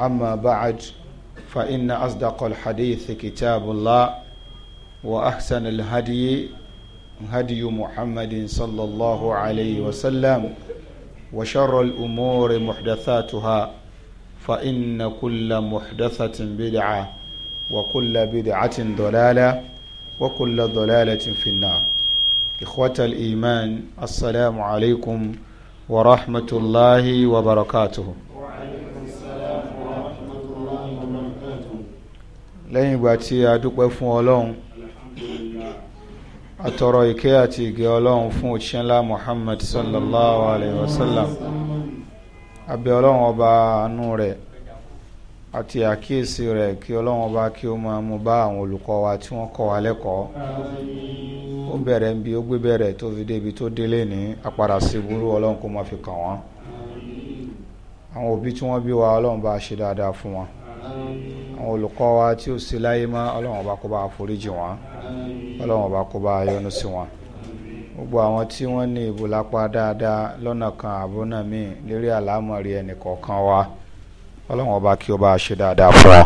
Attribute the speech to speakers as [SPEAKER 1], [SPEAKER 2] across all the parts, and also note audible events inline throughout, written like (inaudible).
[SPEAKER 1] أما بعد فإن أصدق الحديث كتاب الله وأحسن الهدي هدي محمد صلى الله عليه وسلم وشر الأمور محدثاتها فإن كل محدثة بدعة وكل بدعة ضلالة وكل ضلالة في النار إخوة الإيمان السلام عليكم ورحمة الله وبركاته lẹ́yìn ìgbà tí a dúpẹ́ fún ọlọ́run àtọrọ ìkẹ́ àti ìgẹ́ ọlọ́run fún òṣìṣẹ́ ńlá Muhammad sallallahu alayhi wa sallam abẹ ọlọ́run ọba àánú rẹ̀ àti àkíyèsí rẹ̀ kí ọlọ́run ọba kí ó máa mú bá àwọn olùkọ́ wa tí wọ́n kọ́ wa lẹ́kọ̀ọ́ ó bẹ̀rẹ̀ ń bi ó gbé bẹ̀rẹ̀ tó fi débi tó délé ní apàdà sí burú ọlọ́run kó má fi kàn wọ́n àwọn òbí tí wọ́n bí wa ọlọ́run bá ṣe dáadáa fún wọn àwọn olùkọ́ wa tí ò sí láyé mọ́ ọlọ́run ọba kó bá foríjì wọn ọlọ́run ọba kó bá yọ́nú sí wọn gbogbo àwọn tí wọ́n ní ìbùlápá dáadáa lọ́nà kan àbọ̀nà míì lérí àlámọ̀rí ẹnìkọ̀ọ̀kan wa ọlọ́run ọba kí ó bá ṣe dáadáa fún wa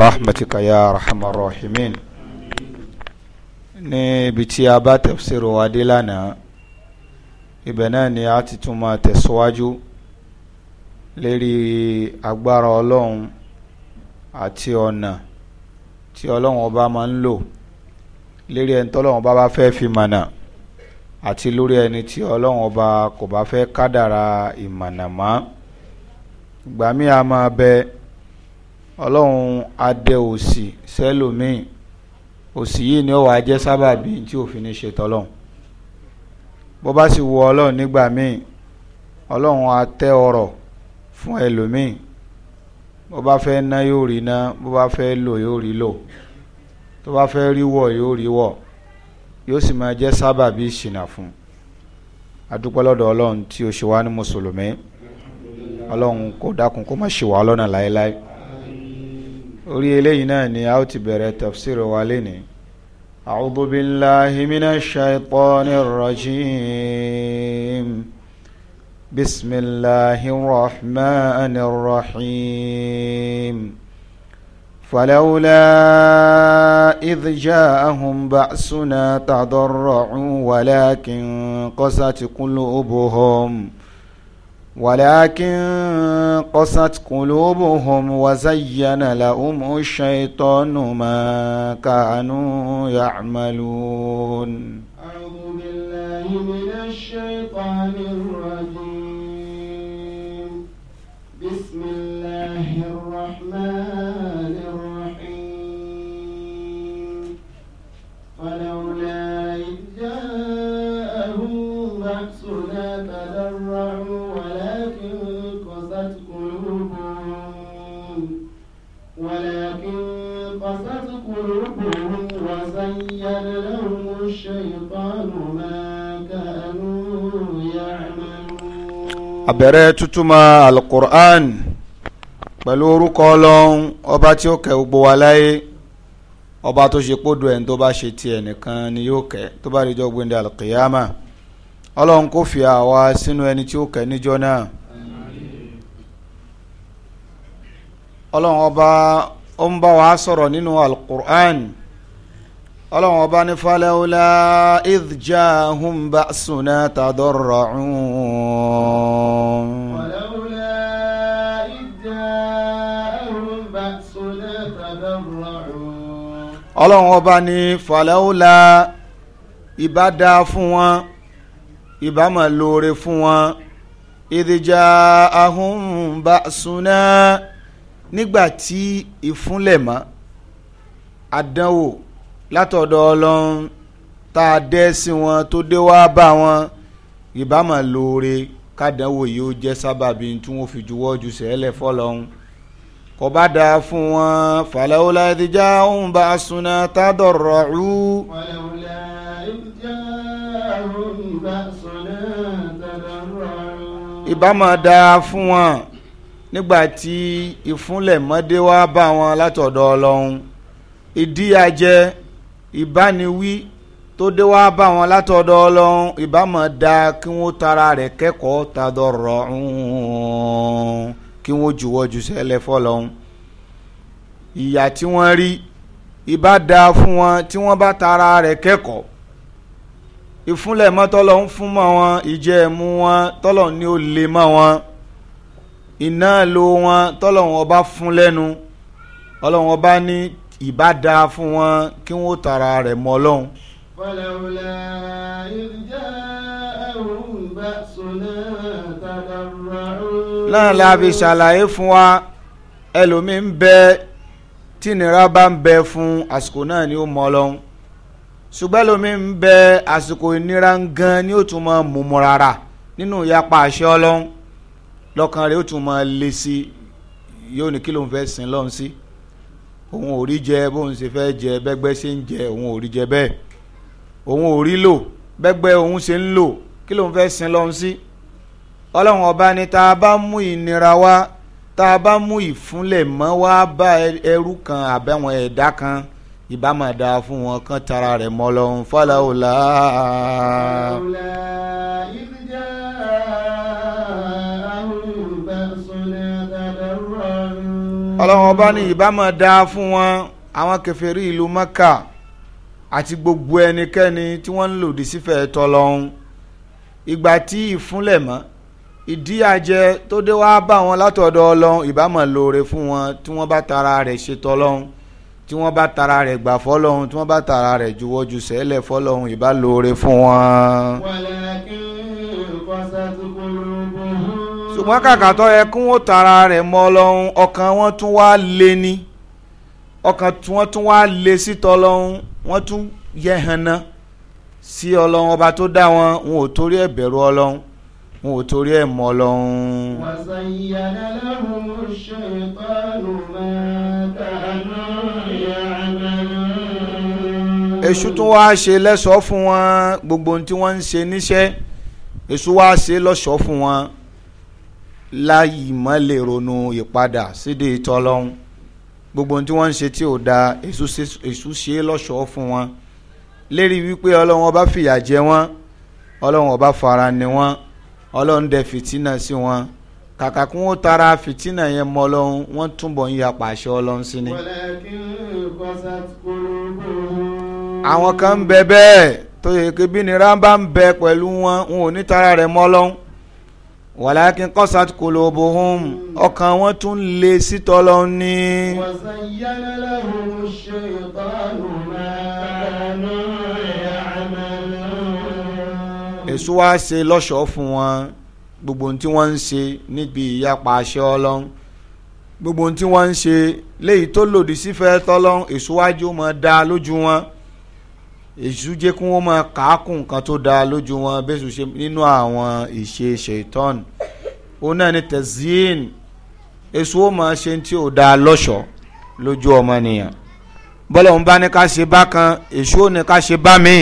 [SPEAKER 1] rahmatika ya rahman rahimin ní ibi tí a bá tafsiru wa lánàá ibẹ̀ náà ni a ti tún máa tẹ̀síwájú lérí agbára ọlọ́run àti ọ̀nà tí ọlọ́run ọba máa ń lò lérí ẹni tọ́lọ́run ọba bá fẹ́ fi mọ̀nà àti lórí ẹni tí ọlọ́run ọba kò bá fẹ́ kádàrà ìmọ̀nà mọ́ ìgbà míì a máa bẹ ọlọ́run adé òsì sẹ́lòmíì òsì yìí ni ó wàá jẹ́ sábàbí tí òfin ní ṣe tọ́lọ́run bó bá sì wù ọlọ́run nígbà míì ọlọ́run á tẹ́ ọrọ̀ fún ẹlòmíì bó bá fẹ́ ná yóò rí ná bó bá fẹ́ lò yóò rí lò tó bá fẹ́ rí wọ̀ yóò rí wọ̀ yóò sì máa jẹ́ sábàbí ìṣìnà fún adúpẹ́ lọ́dọ̀ ọlọ́run tí ó ṣe wá ní mùsùlùmí ọlọ́run kó dákun kó má ṣe wá lọ́nà láéláé orí eléyìí náà ni a ó ti bẹ̀rẹ̀ tafsir wa lénìí. a'udhu billahi minash shaitanir rajim. بسم الله الرحمن الرحيم فلولا إذ جاءهم بأسنا تضرعوا ولكن قست قلوبهم ولكن قست قلوبهم وزين لهم الشيطان ما كانوا يعملون أعوذ
[SPEAKER 2] بالله من الشيطان الرجيم الله الرحمن الرحيم فلولا إذ جاءهم بأسنا تضرعوا ولكن قست قلوبهم ولكن قست قلوبهم وزين لهم الشيطان ما كانوا يعملون
[SPEAKER 1] أبرأت تما القرآن pẹ̀lú orúkọ ọlọ́run ọba tí ó kẹ́ gbogbo wa láyé ọba tó ṣe pódò ẹ̀ tó bá ṣe tiẹ̀ nìkan ni yóò kẹ́ tó bá dijọ́ gbẹ̀ndé alkiyama ọlọ́run kò fi àwa sínú ẹni tí ó kẹ́ níjọ́ náà ọlọ́run ọba ó ń bá wa sọ̀rọ̀ nínú alukur'an ọlọ́run ọba ní falẹ́wọ́lá idja humba suna tadọ́rọ̀ ọ̀hún. ọlọ́run ọba ní fàlàúlà ìbá dáa fún wọn ìbá mà lóore fún wọn ìdíjà ahùnbá súná nígbà tí ìfúnlẹ̀mọ́ àdánwò látọ̀dọ̀ ọlọ́run tá a dẹ́ sí wọn tó dé wá bá wọn ìbá mà lóore kádánwò yìí ó jẹ́ sábàbí tí wọ́n fi juwọ́ ju sẹ́lẹ̀ fọlọ́run kò bá dáa fún wọn falawla ìdíjà òun bá a sunna tá a dọ̀rọ̀ ọ́.
[SPEAKER 2] falawla ìdíjà òun bá a sunna tá a dọ̀rọ̀
[SPEAKER 1] ọ́. ìbá máa dáa fún wọn nígbà tí ìfúnlẹ̀mọ́dé wá bá wọn látọ̀dọ̀ ọlọ́run ìdíyàjẹ ìbániwí tó dé wá bá wọn látọ̀dọ̀ ọlọ́run ìbá dáa kí wọ́n tara rẹ̀ kẹ́kọ̀ọ́ tá a dọ̀rọ̀ ọ́ kí wọ́n juwọ́ ju sẹ́lẹ̀ fọlọ́hún ìyà tí wọ́n rí ìbá dáa fún wọn tí wọ́n bá tara rẹ̀ kẹ́kọ̀ọ́ ìfúnlẹ̀ mọ́ tọ́lọ̀ ń fún mọ́ wọn ìjẹ́ ẹ̀mú wọn tọ́lọ̀ ní ó lè mọ́ wọn iná lo wọn tọ́lọ̀ wọn bá fún lẹ́nu ọlọ́wọ́n bá ní ìbá dáa fún wọn kí wọ́n tara rẹ̀ mọ́ ọlọ́run.
[SPEAKER 2] wàlàwùlà ìjà. náà la fi ṣàlàyé
[SPEAKER 1] fún wa ẹlòmíín bẹ tí ìnira bá ń bẹ fún àsìkò náà ni ó mọ Ọlọ́run ṣùgbọ́n ẹlòmíín bẹ àsìkò ìnira gan ni ó tún mọ mùmú rárá nínú ìyapa àṣẹ Ọlọ́run lọ́kàn rẹ̀ ó tún mọ lé sí yóò ní kí ló ń fẹ́ sin lọ́run sí òun ò rí jẹ bóun ṣe fẹ́ jẹ bẹ́gbẹ́ ṣe ń jẹ òun ò rí jẹ bẹ́ẹ̀ òun ò rí lò bẹ́gbẹ́ òun ṣe ń lò kí ló ń fẹ́ sin lọ́run sí. Si ọlọ́run ọba ni tá a bá mú ìnira wá tá a bá mú ìfúnlẹ̀ mọ́ wá bá ẹrú kan àbẹ̀wọ̀n ẹ̀dá kan ìbámu da fún wọn kan tara rẹ̀ mọ́ lọ́hún fọláwùlá. ọlọ́run ọba ní ìbámu fún wọn àwọn kèfèrí ìlú Mẹ́kà àti gbogbo ẹnikẹ́ni tí wọ́n ń lòdì sífẹ̀ẹ́ tọ́lọ́hún ìgbà tí ìfúnlẹ̀ mọ́ ìdíyàjẹ tó dé wá bá wọn látọ̀dọ̀ ọlọ́run ìbámọ̀ lóore fún wọn tí wọ́n bá tara rẹ̀ ṣetọ́ ọlọ́run tí wọ́n bá tara rẹ̀ gbà fọ́lọ́run tí wọ́n bá tara rẹ̀ juwọ́ ju sẹ́lẹ̀ fọ́lọ́run ìbá lóore fún wọn. ṣùgbọ́n kàkà tó yẹ kí wọ́n tara rẹ̀ mọ́ ọlọ́run ọkàn wọn tún wá lé ní ọkàn wọn tún wá lé sítọ́ ọlọ́run wọ́n tún yẹ hànà sí ọlọ́run ọba tó dá wọn wọn ò torí ẹ̀ ọlọ́run wọn ò torí ẹ̀ mọ́ lọ́hún.
[SPEAKER 2] wàṣàyàdá lẹ́hùn ṣèpáàlù mẹ́ta náà yà
[SPEAKER 1] mẹ́rin. èṣù tún wá ṣe lẹ́sọ̀ọ́ fún wọn gbogbo ohun tí wọ́n ń ṣe níṣẹ́ èṣù wá ṣe lọ́ṣọ̀ọ́ fún wọn láyì mọ́ lè ronú ìpadà sídìí tọ́lọ́hún gbogbo tí wọ́n ń ṣe tí ò dáa èṣù ṣe lọ́ṣọ̀ọ́ fún wọn lérí wípé ọlọ́run ọba fìyà jẹ wọ́n ọlọ́run ọba fara ni wọ́n ọlọ́run dẹ fìtínà sí wọn kàkà kí wọ́n tara fìtínà yẹn mọ́ ọlọ́run wọ́n túbọ̀ ń yapa àṣẹ ọlọ́run sí ni. àwọn kan ń bẹ bẹ́ẹ̀ tó yẹ kí bí nira bá ń bẹ pẹ̀lú wọn wọn ò ní tara rẹ̀ mọ́ ọlọ́run wàlákin kọ́sàtì kòlóbohùn ọkàn wọn tún lè sítọ́ lọ ní. wàsàn
[SPEAKER 2] yánnà lẹ́hùn ṣe ìtọ́nù náà
[SPEAKER 1] èso wá ṣe lọ́ṣọ̀ọ́ fún wọn gbogbo ohun tí wọ́n ń ṣe níbi ìyapa àṣẹ ọlọ́run gbogbo ohun tí wọ́n ń ṣe léyìí tó lòdì sífẹ́ tọ́lọ́run èso wájú ó máa dá lójú wọn èso jẹ́ kí wọ́n máa kàákùn nǹkan tó dá lójú wọn bẹ́sù ṣe nínú àwọn ni tẹ̀síìn èso ó máa ṣe tí ò dá lọ́ṣọ̀ọ́ lójú ọmọnìyàn bọ́lá òun bá ní ká ṣe bákan èso ò ní ká ṣe bá míì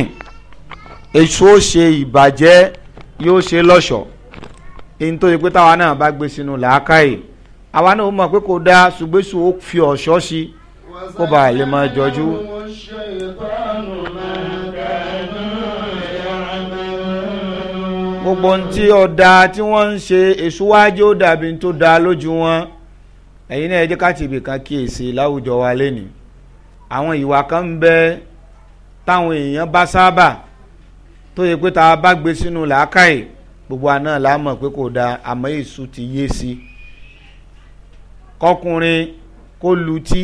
[SPEAKER 1] èso ó ṣe ìbàjẹ́ yóò ṣe lọ́ṣọ̀ọ́ èyí tó yẹ pé táwa náà bá gbé sínú làákàyè àwa náà mọ̀ pé kò dáa ṣùgbẹ́sù ó fi ọ̀ṣọ́ sí kó bá a lè máa jọjú. gbogbo ohun tí ọ̀dà tí wọ́n ń ṣe èso wájú ó dàbí tó dáa lójú wọn ẹ̀yin náà ẹ jẹ́ ká ti kíyèsí láwùjọ wa lẹ́nìí àwọn ìwà kan ń bẹ táwọn èèyàn bá sábà tó yẹ pé tá a bá gbé sínú làákàyè gbogbo àná là á mọ̀ pé kò dáa àmọ́ èṣù ti yé sí i kọkùnrin kó lutí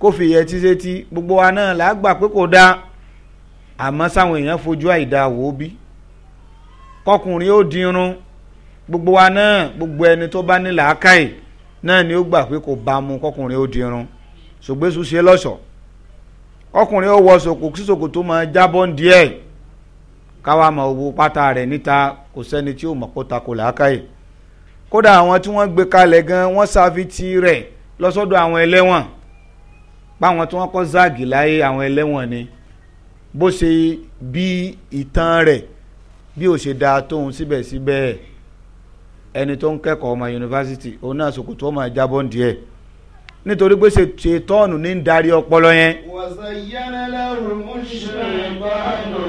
[SPEAKER 1] kó fìyẹ tíṣetí gbogbo wa náà là á gbà pé kò dáa àmọ́ sáwọn èèyàn fojú àìdá wò ó bí kọkùnrin ó dirun gbogbo wa náà gbogbo ẹni tó bá ní làákàyè náà ni ó gbà pé kò bá mu kọkùnrin ó dirun ṣùgbẹ́sù ṣe lọ́ṣọ̀ọ́ kọkùnrin ó wọ ṣòkò sí ṣòkò tó máa jábọ́ ń díẹ̀ káwa mọ owó pátá rẹ̀ níta kò sẹ́ni tí ó mọ̀ kó takò làákàyè kódà àwọn tí wọ́n gbé kalẹ̀ gan wọ́n ṣàfitì rẹ̀ lọ́sọ́dọ̀ àwọn ẹlẹ́wọ̀n páwọn tí wọ́n kọ́ záàgì láyé àwọn ẹlẹ́wọ̀n ni bó ṣe bí ìtàn rẹ̀ bí ó ṣe dáa tóun síbẹ̀síbẹ̀ ẹni tó ń kẹ́kọ̀ọ́ ọmọ yunifásitì òun náà ṣòkòtò ọmọ ìjábọ̀ díẹ̀ nítorí pé ṣe tọ́ọ̀nù ní ń darí ọpọlọ yẹn. wàṣẹ
[SPEAKER 2] yẹn lẹ́rù mú ṣe bá a nù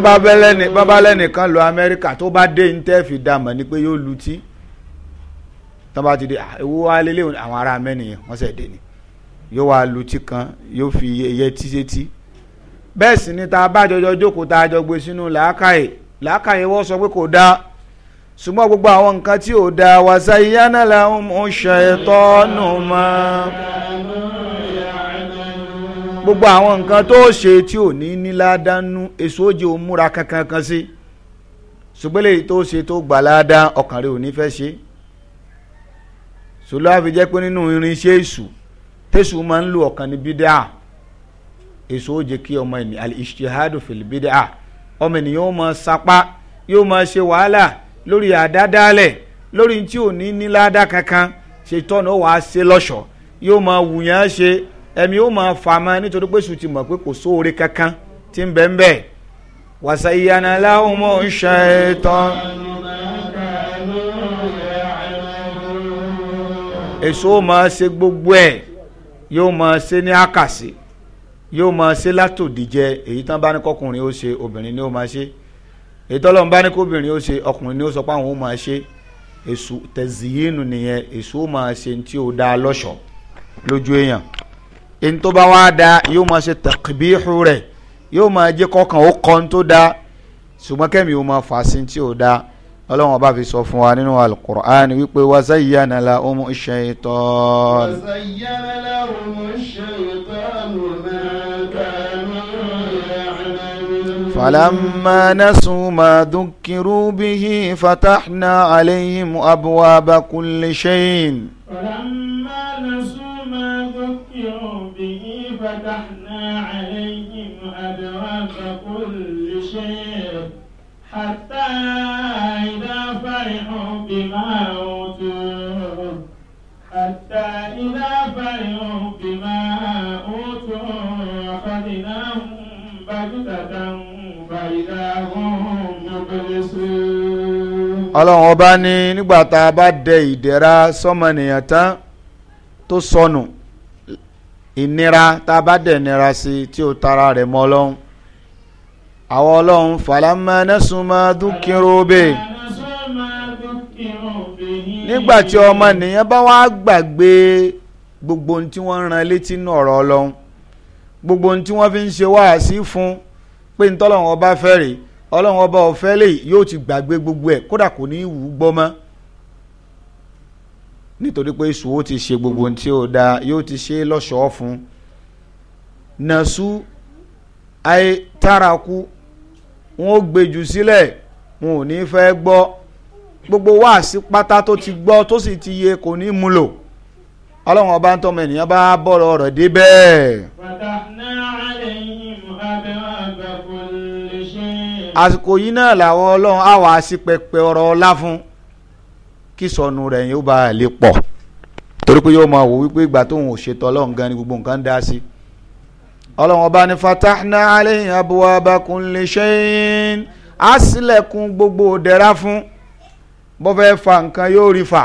[SPEAKER 2] bàbá bẹ́lẹ́ni
[SPEAKER 1] bàbá lẹ́nìkan lọ amẹ́ríkà tó bá dé ní tẹ́ da dàmọ̀ ni pé yóò lutí tó bá ti di ah, ewu wa lélẹ̀ àwọn ará mẹ́nìyàn wọ́n sẹ̀ dé ni yóò wá lutí kan yóò fi iye tí sétí bẹ́ẹ̀ sì ni ta a bá jọjọ jókòó tá a jọ gbé sínú làákàyè làákàyè wọ́n sọ pé kò dáa ṣùgbọ́n gbogbo àwọn nǹkan tí ò dáa wàṣà ìyá náà làwọn ò ṣe é tọ́nu mọ́ gbogbo àwọn nǹkan tó ṣe tí ò ní níládánú èso oje ò múra kankan kan sí ṣùgbọ́n èyí tó ṣe tó gbà láàdá ọkàn rẹ ò ní fẹ́ ṣe sọlá fi jẹ́ pé nínú irinṣẹ́ èṣù tẹ̀sù máa ń lo ọ̀kan ní bídà èso oje kí ọmọ ẹni al-ijtihadu fil bídà ọmọ ènìyàn ó máa sapá yóò máa ṣe wàhálà lórí àdádálẹ̀ lórí tí ò ní níládá kankan ṣètọ́nù ó wàá ṣe lọ́ṣọ̀ọ́ yóò máa wù yẹn ṣe ẹ̀mí ó máa fà máa nítorí pé sùn ti mọ̀ pé kò sóore kankan tí ń bẹ ń bẹ wàṣà ìyànà láwọn ọmọ ń ṣe é tán. èso ó máa ṣe gbogbo ẹ̀ yóò máa ṣe ní àkàsí yóò máa ṣe látòdìjẹ èyí tán bá ní kọkùnrin ó ṣe obìnrin ni ó máa ṣe èyí tán lọ́n bá ní kọbìnrin ó ṣe ọkùnrin ni ó sọ pé àwọn ó máa ṣe èso tẹ̀síyìnù nìyẹn èso ó máa ṣe ní tí ó dáa lọ́ṣọ̀ọ́ lójú èèyàn ẹni tó bá wá da yóò máa ṣe tàkìbíhù rẹ̀ yóò máa jẹ́ kọ́kàn ó kọ́ tó da ṣùgbọ́n kẹ́mi yóò máa fà sí tí ò da ọlọ́run ọba fi sọ fún wa nínú alukur'an wípé wa zayyana lahumu shaytan. wa
[SPEAKER 2] zayyana lahumu shaytanu ma kanu ya'malun. falamma
[SPEAKER 1] nasu ma dhukiru bihi fatahna alayhim abwaba kulli shay'in.
[SPEAKER 2] falamma ما ذكروا به فتحنا عليهم أبواب كل شيء حتى إذا فرحوا بما أوتوا حتى إذا فرحوا بما أوتوا أخذناهم بغتة فإذا هم مبلسون.
[SPEAKER 1] ọlọ́run ọba ní nígbà tá a bá dẹ ìdẹ̀ra sọ́mọnìyàn tán tó sọnù ìnira tá a bá dẹ̀ nira sí i tí ó tara rẹ̀ mọ́ ọlọ́run àwọn ọlọ́run falamma nasu ma dhukiru bi nígbà tí ọmọ nìyẹn bá wá gbàgbé gbogbo ohun tí wọ́n ń ran létí nù ọ̀rọ̀ ọlọ́run gbogbo ohun tí wọ́n fi ń ṣe wáàsí fún pé ní ọba fẹ́ rèé ọlọ́run ọba ọ̀fẹ́ lè yóò ti gbàgbé gbogbo ẹ̀ kódà kò ní í wù ú gbọ́ mọ́ nítorí pé èṣù ó ti ṣe gbogbo tí ó da yóò ti ṣe lọ́ṣọ̀ọ́ fún nasu ayé táraku wọn ó gbèjù sílẹ̀ wọn ò ní fẹ́ gbọ́ gbogbo wáàsí pátá tó ti gbọ́ tó sì ti yẹ kò ní mú lò ọlọ́run ọba ń tọ́mọ ènìyàn bá bọ̀rọ̀ ọ̀rọ̀ dé bẹ́ẹ̀. àsìkò yìí náà làwọn ọlọ́run á wàá ọ̀rọ̀ ọlá fún un kí sọnù rẹ̀ yóò bá lè pọ̀ torí pé yóò máa wò wípé ìgbà tóun ò ṣètò ọlọ́run gan ni gbogbo nǹkan dá sí ọlọ́run ọba ní fatahna aleyhi abuwaba kunle ṣẹ́yìn á sílẹ̀kùn gbogbo dẹ̀ra fún bó fẹ́ fa nǹkan yóò rí fà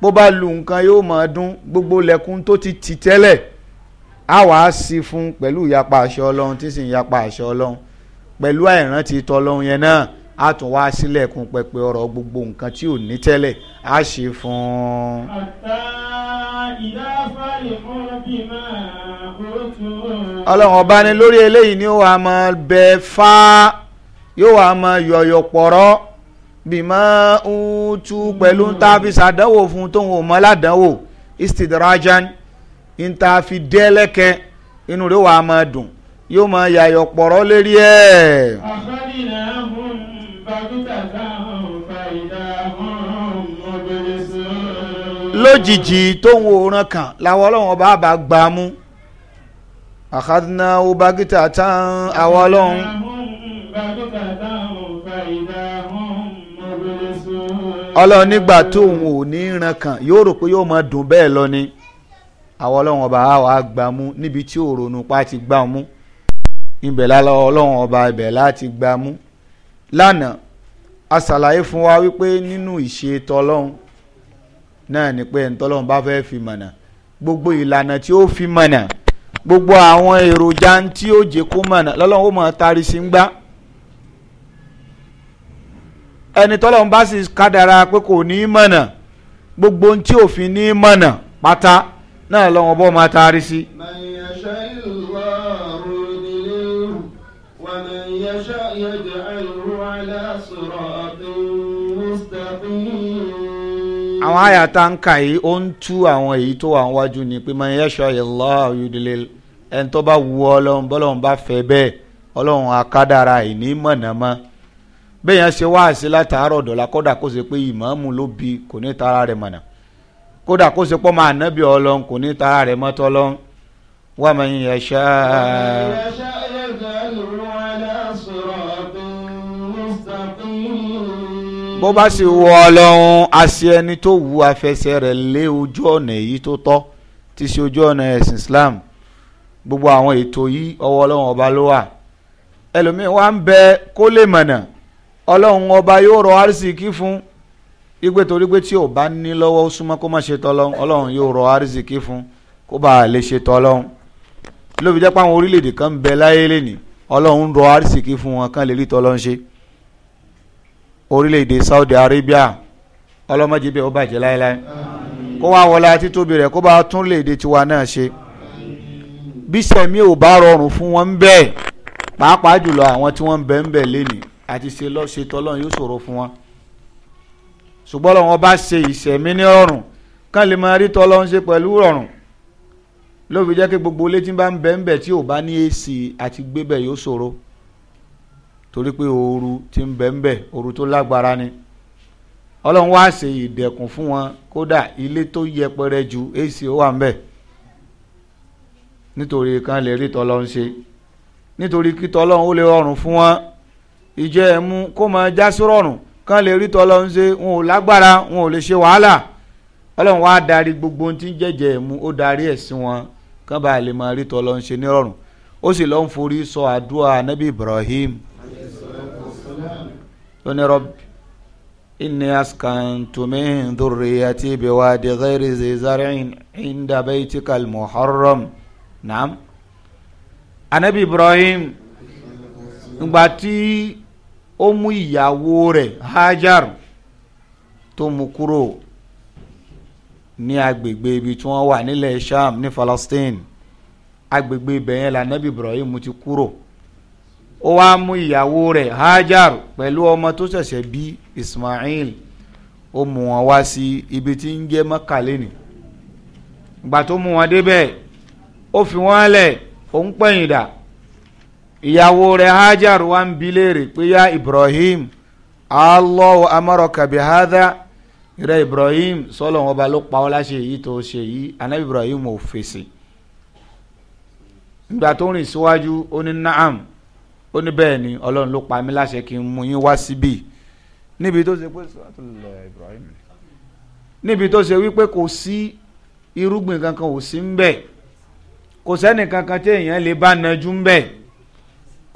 [SPEAKER 1] bó bá lu nǹkan yóò máa dún gbogbo lẹ̀kùn tó ti tì tẹ́lẹ̀ á wàá sí fún pẹ̀lú ìyapa àṣẹ ọlọ́run tí sì ń yapa àṣẹ ọlọ́run pẹ̀lú àìrántí tọ́lọ́run yẹn náà a tún wá sílẹ̀kùn pẹpẹ ọ̀rọ̀ gbogbo nǹkan tí ò ní tẹ́lẹ̀ a ṣe fún un.
[SPEAKER 2] ọlọ́run ọba ni lórí
[SPEAKER 1] eléyìí ni ó wàá mọ bẹ fá yóò wàá mọ yọ̀yọ̀ pọ̀rọ́ bímọ ń tú pẹ̀lú ń ta fún tóun ò mọ́ ládánwò istidrajan ń ta fi inú rẹ̀ wàá mọ dùn yóò mọ yàyọ̀ pọ̀rọ́ lérí ẹ̀.
[SPEAKER 2] àfẹ́ nìyẹn lójijì
[SPEAKER 1] tóun òòràn kan làwọn ọlọ́run ọba àbá gbà á mú àkàdúnà ọbàgìtà tán àwọn ọlọ́run. ọlọ́run nígbà tóun ò ní ìran kan yóò rò pé yóò máa dùn bẹ́ẹ̀ lọ ni àwọn ọlọ́run ọba àwa gbà mú níbi tí òrònú pa ti gbà mú ibẹ̀ ọlọ́run ọba ibẹ̀ láti gbà mú lánàá a ṣàlàyé fún wa wípé nínú ìṣe tọlọ́hún náà ni pé ntọ́lọ́hún bá fẹ́ fi mọ̀nà gbogbo ìlànà tí ó fi mọ̀nà gbogbo àwọn èròjà tí ó jẹ́ kó mọ̀nà lọ́lọ́hún ó mọ̀ tari sí ń gbá ẹni tọ́lọ́hún bá sì kádàrá pé kò ní í mọ̀nà gbogbo tí òfin ní í mọ̀nà pátá náà lọ́wọ́ bọ́ máa taari sí. man
[SPEAKER 2] yasha Allahu yudlilhu wa man yasha yudlilhu.
[SPEAKER 1] àwọn àyà tá ń kà yìí ó ń tú àwọn èyí tó wà níwájú ni pé man yasha'illahu yudlil ẹni tó bá wu ọlọ́run bọ́lọ́run bá fẹ́ bẹ́ẹ̀ ọlọ́run akádàrà ìní mọ̀nàmọ́ bẹ́ẹ̀ yẹn ṣe wá àṣẹ látàárọ̀ dọ̀la kódà kó ṣe pé ìmáàmù ló bi kò ní tara rẹ̀ mọ̀nà kódà kó ṣe pọ́ máa nábì ọlọ́run kò ní tara rẹ̀ mọ́tọ́ ọlọ́run wa man yasha. bó bá sì wọ ọlọ́run àṣẹ ẹni tó wu afẹsẹ̀ rẹ̀ lé ojú ọ̀nà èyí tó tọ́ tí ṣe ojú ọ̀nà ẹ̀sìn Islam gbogbo àwọn ètò yìí ọwọ́ ọlọ́run ọba ló wà ẹlòmíín wá ń bẹ kó lè mọ̀nà ọlọ́run ọba yóò rọ arísìkí fún igbe torí pé tí ò bá ní lọ́wọ́ ó súnmọ́ kó má ṣe tọ́lọ́run ọlọ́run yóò rọ arísìkí fún kó bá a lè ṣe tọ́lọ́run lóbi jẹ́ àwọn orílẹ̀-èdè kan ń bẹ láyé lẹ́nìí ọlọ́run rọ arísìkí fún wọn kán lè rí tọ́lọ́run ṣe orílẹ̀-èdè Saudi Arabia ọlọ́mọdé bẹ́ẹ̀ ó bàjẹ́ láéláé kó wá wọlé títóbi rẹ̀ kó bá tún léde tiwa náà ṣe bí sẹ́mi ò bá rọrùn fún wọn ń bẹ́ẹ̀ pàápàá jùlọ àwọn tí wọ́n ń bẹ̀ ń bẹ̀ lénìí àti ṣe lọ́ṣetọ́ ọlọ́run yóò ṣòro fún wọn ṣùgbọ́n lọ́wọ́ bá ṣe ìṣẹ̀mí ní ọ̀rùn kán lè máa rí tọ́lọ́run ṣe pẹ̀lú rọrùn ló jẹ́ kí gbogbo létí bá ń bẹ̀ ń bẹ̀ tí ò bá ní èsì àti gbébẹ̀ yóò ṣòro torí pé ooru ti ń bẹ ń bẹ ooru tó lágbára ni ọlọ́run wá ṣe ìdẹ̀kùn fún wọn kódà ilé tó yẹpẹrẹ ju èsì ó wà ń bẹ nítorí kan lè rí tọ́lọ́run ṣe nítorí kí tọ́lọ́run ó lè rọrùn fún wọn ìjẹ ẹ̀mú kó máa já sí rọrùn kan lè rí tọ́lọ́run ṣe wọn ò lágbára wọn ò lè ṣe wàhálà ọlọ́run wá darí gbogbo ohun tí ń jẹ́jẹ́ ẹ̀mú ó darí ẹ̀sìn wọn kán bá lè máa rí tọ́lọ́run ṣe nírọ̀rùn ó sì lọ́n forí sọ àdúrà nábì Ibrahim onírọ́bì inni askantu min dhurriyati biwadi ghayri zi zar'in inda baytikal muharram naam anabi ibrahim ìgbà tí ó mú ìyàwó rẹ̀ hajar tó mú kúrò ní agbègbè ibi tí wọ́n wà nílẹ̀ sham ní falastin agbègbè ibẹ̀ yẹn la anabi ibrahim ti kúrò ó wá mú ìyàwó rẹ̀ Hajar pẹ̀lú ọmọ tó ṣẹ̀ṣẹ̀ bí Ismail ó mú wọn wá sí ibi tí ń jẹ́ mọ́kàlénì ìgbà tó mú wọn débẹ̀ ó fi wọ́n lẹ̀ ó ń pẹ̀yìn dà ìyàwó rẹ̀ Hajar wá ń bi léèrè pé yá Ibrahim Allahu amaraka bihadha ìrẹ́ Ibrahim sọ́lọ́ wọn ba ló pa ọ́ láṣẹ èyí tó ṣe yìí Ibrahim ò fèsì ìgbà tó rìn síwájú ó ní naam. ó ní bẹ́ẹ̀ ni ọlọ́run ló pa mí láṣẹ kí n mú yín wá síbí níbi tó ṣe pé níbi tó ṣe wípé kò sí irúgbìn kankan ò sí ń bẹ̀ kò sẹ́ni kankan tí èèyàn lè bá nájú ń bẹ̀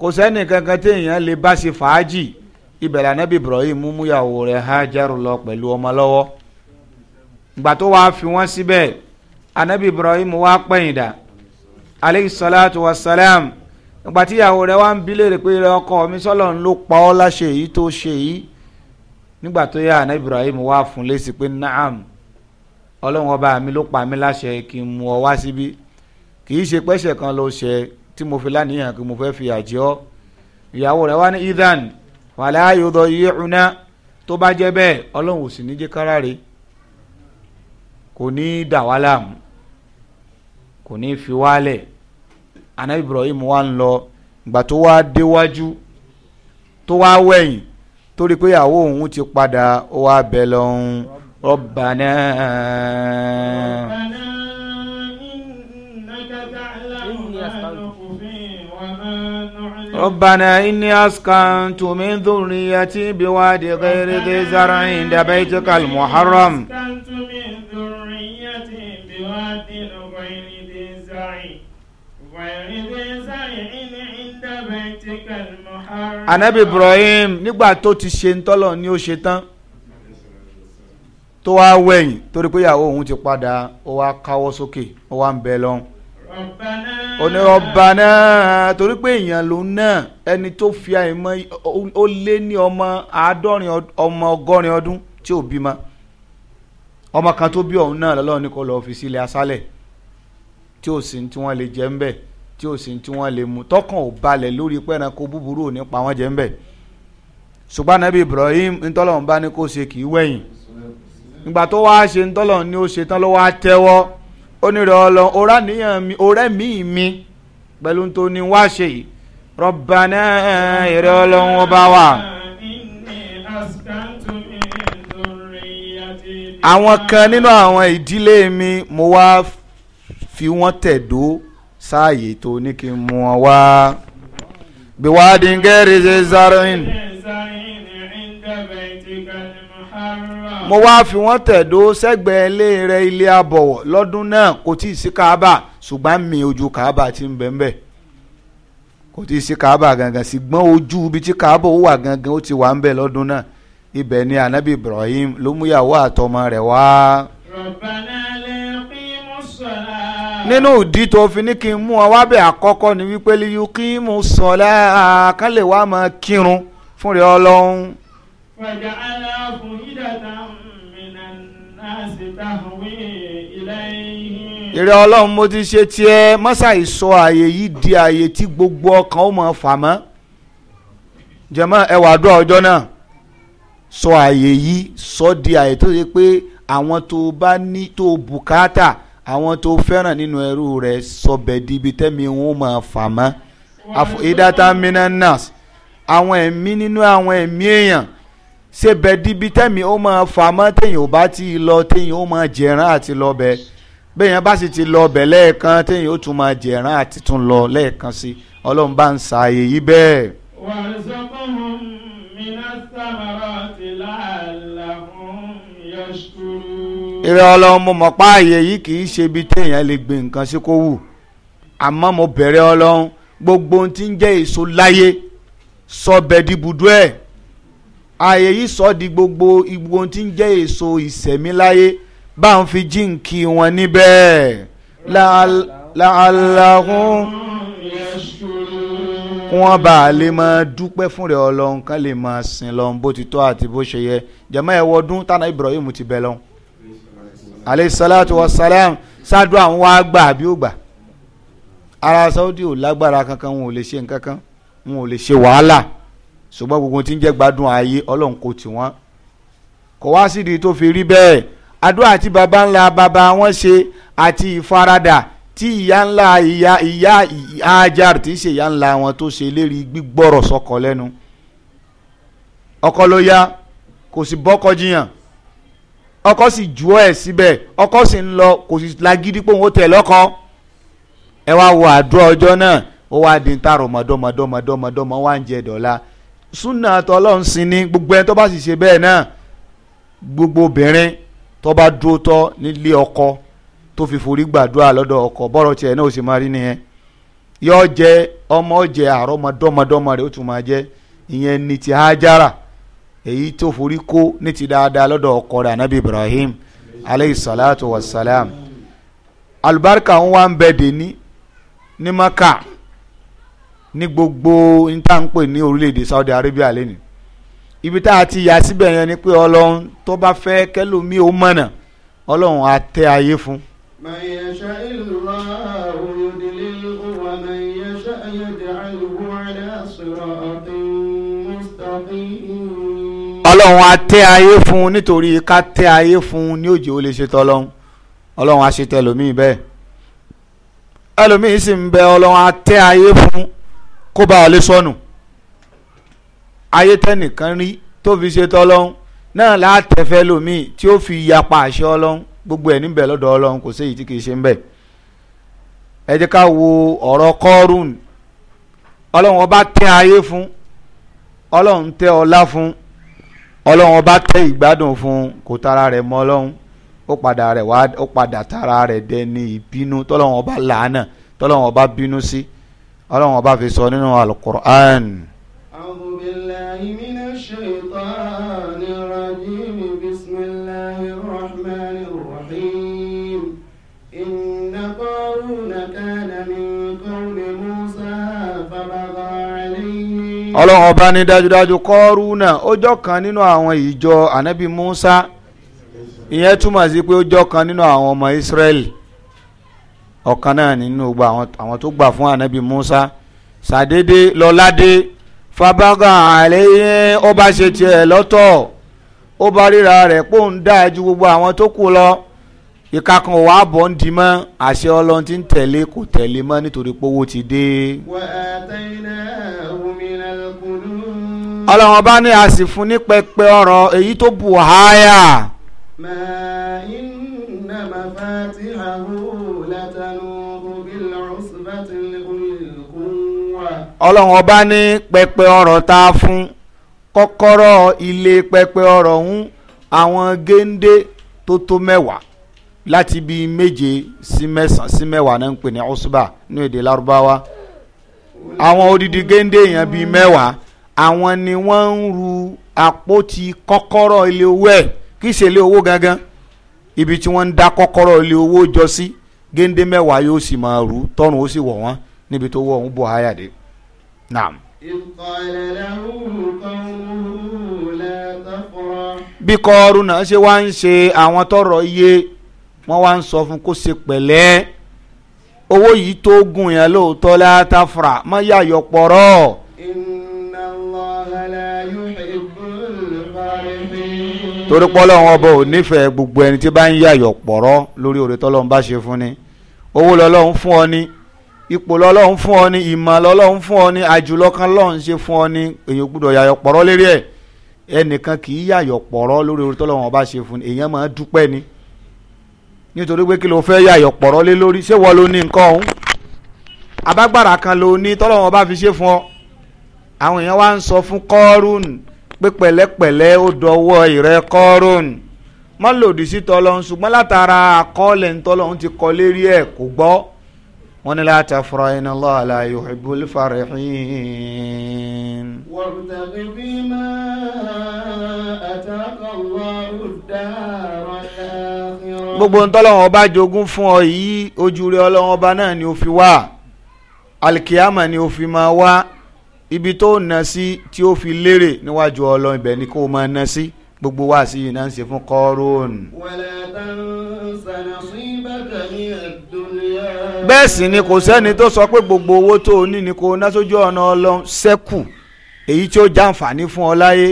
[SPEAKER 1] kò sẹ́ni kankan tí èèyàn lè bá ṣe fàájì ibẹ̀rẹ̀ anábì Ibrahim múmúyàwó rẹ̀ Hajaru lọ pẹ̀lú ọmọ lọ́wọ́ ìgbà tó wàá fi wọ́n síbẹ̀ anábì Ibrahim wàá pẹ̀yìndà aleyhi salatu wa salam ìgbà tí ìyàwó rẹ̀ wá ń bi léèrè pé ọkọ mi sọ́lọ̀ ń ló pa ọ́ láṣẹ èyí tó ṣe yìí nígbà tó yá àná Ibrahim wá fún lésì pé naam ọlọ́run ọba mi ló pa mí láṣẹ kí n mú ọ wá síbí kì í ṣe pẹ́ṣẹ̀ kan ló ṣe tí mo fi láníyàn kí mo fẹ́ fi àjẹ́ ọ́ ìyàwó rẹ̀ wá ní idan wàlẹ́ ayọ̀dọ̀ yìí ẹ̀húná tó bá jẹ́ bẹ́ẹ̀ ọlọ́run ò sì ní jẹ́ kára kò ní í kò ní fi wálẹ̀ anabi ibrahim wa ń lọ ìgbà tó wá déwájú tó wá wẹ̀yìn torí pé ìyàwó òun ti padà ó wá bẹ̀ lọ́hún rọ́bànà. ربنا إني أسكنت من ذريتي بواد غير ذي زرع عند بيتك المحرم
[SPEAKER 2] أسكنت من ذريتي بواد
[SPEAKER 1] anabi ibrahim nígbà tó ti ṣe ntọ́lọ̀ ni ó ṣe tán tó wá wẹ̀yìn torí pé ìyàwó òun ti padà ó wá káwọ́ sókè ó wá ń bẹ lọ́hùn ó ní ọba náà torí pé èèyàn lòun náà ẹni tó fi àìmọ̀ ó lé ní ọmọ àádọ́rin ọmọ ọgọ́rin ọdún tí ò bímọ ọmọ kan tó bí ọ̀hún náà lọ́lọ́run ní kó lọ́ọ́ fi sílẹ̀ aṣálẹ̀ tí ò sí tí wọ́n lè jẹ́ ń bẹ́ẹ̀ tí ò sì tí wọ́n lè mú tọkàn ò balẹ̀ lórí pé ẹranko búburú ò pa wọ́n jẹ ń bẹ̀ ṣùgbọ́n nàbí Ibrahim ntọ́lọ́run bá ní kó ṣe kì wẹ̀yìn ìgbà tó wá ṣe ntọ́lọ́run ni ó ṣe tán ló wá tẹ́wọ́ ó ní rẹ̀ ọlọ́ ọ̀rá níyàn mi ọ̀rẹ́ mi mi pẹ̀lú tó ní wá ṣe yìí Rabbana ìrẹ́ ọlọ́run bá wà. àwọn kan nínú àwọn ìdílé mi mo wá fi wọ́n tẹ̀dó sáàyè tó ní kí n mú wọn wá. biwadi ngẹ́rì ṣe zarin. mo wá fi wọ́n tẹ̀dó sẹ́gbẹ̀ẹ́ ilé rẹ̀ ilé abọ̀wọ̀ lọ́dún náà kò tí ì sí kaaba ṣùgbọ́n mi ojú kaaba ti ń bẹ̀ ń kò tí ì sí kaaba gangan ṣùgbọ́n ojú ibi tí kaaba ó wà gangan ó ti wà ń bẹ̀ lọ́dún náà ibẹ̀ ni anabi ibrahim ló mú ìyàwó àtọmọ rẹ̀ wá.
[SPEAKER 2] rọ̀bánà nínú
[SPEAKER 1] ìdí tó fi ní kí n mú ọ wábẹ̀ ni wípé liyu kí mo sọ láà kán lè wá máa kírun fún rẹ ọlọ́run.
[SPEAKER 2] fàjà aláàfin ìdàtà mìíràn náà sì
[SPEAKER 1] táwọn ilé yìí. ìrẹ ọlọ́run mo ti ṣe tiẹ̀ mọ́sàì sọ àyè yìí di àyè tí gbogbo ọkàn ó mọ̀ fà mọ́ jẹ̀mọ́ ẹ wàá dúró ọjọ́ náà sọ àyè yìí sọ di àyè tó ṣe pé àwọn tó bá ní tó bùkátà àwọn tó fẹ́ràn nínú ẹrú rẹ̀ sọbẹ̀ di ibi tẹ́mi wọn máa fà mọ́ ìdáta minan nas àwọn ẹ̀mí nínú àwọn ẹ̀mí èèyàn ṣe bẹ̀ di ibi tẹ́mi ó máa fà mọ́ téèyàn ò bá ti lọ téèyàn ó máa jẹ̀rán àti lọ bẹ̀ béèyàn bá sì ti lọ bẹ̀ lẹ́ẹ̀kan téèyàn ó tún máa jẹ̀rán àti tún lọ lẹ́ẹ̀kan sí ọlọ́run bá ń sa àyè yí bẹ́ẹ̀.
[SPEAKER 2] wàá sọ fún mi minas samarati la'allahum
[SPEAKER 1] ìrẹ Ọlọ́run mo mọ̀ pa àyè yìí kì í ṣe ibi téèyàn lè gbé nǹkan sí kó wù àmọ́ mo bẹ̀rẹ̀ Ọlọ́run gbogbo ohun tí ń jẹ́ èso láyé sọ bẹ̀dí ibùdó ẹ̀ ààyè yìí sọ di gbogbo igbó ohun tí ń jẹ́ èso ìsẹ̀mí láyé bá ń fi jíǹkì wọn níbẹ̀ làálàáhùn wọ́n bá a lè máa dúpẹ́ fún rẹ̀ ọlọ́run kán lè máa sin lọ́n bó ti tọ́ àti bó ṣe yẹ jẹ̀mọ́ ẹ̀wọ́ ọdún tánà Ibrahim ti bẹ̀ lọ́n aleyhisalatu wasalam ṣáàdùn àwọn wa gbà àbí ó gbà ara Saudi ò lágbára kankan wọn ò lè ṣe nǹkan kan wọn ò lè ṣe wàhálà ṣùgbọ́n gbogbo tí ń jẹ́ gbádùn ayé ọlọ́run kò tì wọ́n kò wá sídìí tó fi rí bẹ́ẹ̀ àdúrà àti baba ńlá baba wọn ṣe àti ìfaradà tí ìyá ńlá ìyá ìyá Hajar tí í ṣe ìyá ńlá wọn tó ṣe lérí gbígbọ́rọ̀ sọkọ lẹ́nu ọkọ ló yá kò sì bọ́kọ jiyàn ọkọ sì ju ẹ̀ síbẹ̀ ọkọ sì ń lọ kò sì lágídí pé òun ó tẹ̀ lọ́kọ ẹ wá wo àdúrà ọjọ́ náà ó wá di ta rọmọdọmọdọmọdọmọdọmọ wá ń jẹ dọ̀la súnà tọlọ́run sin ni gbogbo ẹni tó bá sì ṣe bẹ́ẹ̀ náà gbogbo obìnrin tó bá dúró tọ́ nílé ọkọ tó fi forí gbàdúrà lọ́dọ̀ ọkọ bọ́rọ̀ tiẹ̀ náà ó sì máa rí nìyẹn yọ jẹ ọmọ jẹ àrọmọdọ́mọdọ́mọ rẹ̀ ó tún máa jẹ ìyẹn ní ti Hájára èyí tó forí kó ní ti dáadáa lọ́dọ̀ ọkọ rẹ̀ anabi Ibrahim aleyhi salatu wa salam alubarika ń wá ń bẹ dèní ní Maka ní gbogbo níta ní orílẹ̀-èdè Saudi Arabia lẹ́nu ibi tá a ti yà síbẹ̀ yẹn ni pé ọlọ́run tó bá fẹ́ kẹ́lòmíì ó mọ̀nà ọlọ́run á tẹ́ ayé fún un
[SPEAKER 2] من يشاء الله يدلله ومن يشاء يجعله على صراط مستقيم
[SPEAKER 1] ọlọ́run á tẹ́ ayé fún un nítorí ká tẹ́ ayé fún un ní òjì ó lè ṣe tọ́lọ́run ọlọ́run á ṣe tẹ ẹlòmíì bẹ́ẹ̀ ẹlòmíì sì ń bẹ ọlọ́run á tẹ́ ayé fún kó bá ọ sọnù ayé tẹ́nìkan rí tó fi ṣe tọ́lọ́run náà látẹ̀fẹ́ lòmíì tí ó fi yapa àṣẹ ọlọ́run gbogbo ẹni níbẹ̀ lọ́dọ̀ ọlọ́run kò sí èyí tí kì í ṣe ń bẹ̀ ẹ ká wo ọ̀rọ̀ kọ́rùn ọlọ́run ọba tẹ ayé fún ọlọ́run tẹ ọlá fún ọlọ́run ọba tẹ ìgbádùn fún kò tara rẹ̀ ọlọ́run ọba ní dájúdájú kọ́rúnà ó jọ kan nínú àwọn ìjọ ànábì Musa ìyẹn túmọ̀ sí pé ó jọ kan nínú àwọn ọmọ Israẹli ọ̀kan náà nínú gbogbo àwọn tó gbà fún ànábì Musa sàdédé lọ́ládé fabaga àlẹ́yẹ ó bá ṣe tiẹ̀ lọ́tọ̀ ó bá ríra rẹ̀ pò ń dá ju gbogbo àwọn tó kù lọ ìka kan wàá bọ̀ ń di mọ́ àṣẹ ọlọ́run ti ń tẹ̀lé kò tẹ̀lé mọ́ nítorí pé owó ti dé. wà á tẹ̀lé àwọn ọlọ́run bá ní a sì fún ní pẹpẹ ọ̀rọ̀ èyí tó bù háyà. mà inna mafatihahu
[SPEAKER 2] latanuhu bil usbati ulil
[SPEAKER 1] quwwa. ọlọ́run ọba ní pẹpẹ ọ̀rọ̀ tá a fún kọ́kọ́rọ́ ilé pẹpẹ ọ̀rọ̀ ń àwọn géńdé tó tó mẹ́wàá láti bíi méje sí mẹ́sàn sí mẹ́wàá náà ń pè ní usba ní èdè lárúbáwá àwọn odidi géńdé èèyàn bíi mẹ́wàá àwọn ni wọ́n ń ru àpótí kọ́kọ́rọ́ ilé owó ẹ̀ kì ṣe ilé owó gangan ibi tí wọ́n ń dá kọ́kọ́rọ́ ilé owó jọ sí géńdé mẹ́wàá yóò sì máa rú tọ́run ó sì wọ̀ wọ́n níbi tó wọ̀ ń bọ̀ háyàdé. naam. bí kọ́ọ̀rù náà ṣe wá ń ṣe àwọn tọrọ iye wọ́n wá ń sọ fún kó ṣe pẹ̀lẹ́ owó yìí tó gùn yẹn lóòótọ́ látàfrà má yà yọ torí pọ́lọ́wọ́n ọba ò nífẹ̀ẹ́ gbogbo ẹni tí bá ń yàyọ̀ pọ̀rọ́ lórí oore tọ́lọ́run bá ṣe fún ni owó lọ́lọ́run fún ọ ní ipò lọ́lọ́run fún ọ ní ìmọ̀ lọ́lọ́run fún ọ ní àjùlọ́kan lọ́run ṣe fún ọ ní èyàn gbúdọ̀ yàyọ̀ pọ̀rọ́ lérí ẹ̀ ẹnìkan kì í yàyọ̀ pọ̀rọ́ lórí oore tọ́lọ́run ọba ṣe fún ni èyàn máa dúpẹ́ ni nítorí pé kí ló fẹ́ yàyọ̀ pọ̀rọ́ lé lórí ṣé wọ́n ló ní nǹkan ọ̀hún abágbára kan ló ní tọ́lọ́run ọba fi ṣe fún ọ àwọn èèyàn wá ń sọ fún kọ́rùn pé pẹ̀lẹ́pẹ̀lẹ́ ó dọwọ́ ìrẹ́ kọ́rún má lòdì sí tọ́lọ́hún ṣùgbọ́n látara àkọọ́lẹ̀ ńtọ́lọ́hún ti kọ lérí ẹ̀ kò gbọ́ wọ́n ní láti afurọ iná lọ́wọ́ aláyò ìbúlẹ̀ fàrẹ̀hìn.
[SPEAKER 2] wàrùtàkì bí máa àtàkọ̀ wàrù
[SPEAKER 1] dára láàrin. gbogbo ntọ́lọ́wọ́n ọba jogún fún ọ yìí ojú rẹ ọlọ́wọ́n ọba náà ni ó fi wá alikiyama ni ó fi máa wá ibi tó na sí tí ó fi lérè níwájú Ọlọ́run ibẹ̀ ni kó o máa na sí gbogbo wa sí iná ń ṣe fún kọ́rọ́ọ̀nù. bẹ́ẹ̀ sì ni kò sẹ́ni tó sọ pé gbogbo owó tó o ní ni kó o ná sójú ọ̀nà Ọlọ́run sẹ́kù èyí tí ó jàǹfààní fún ọ láyé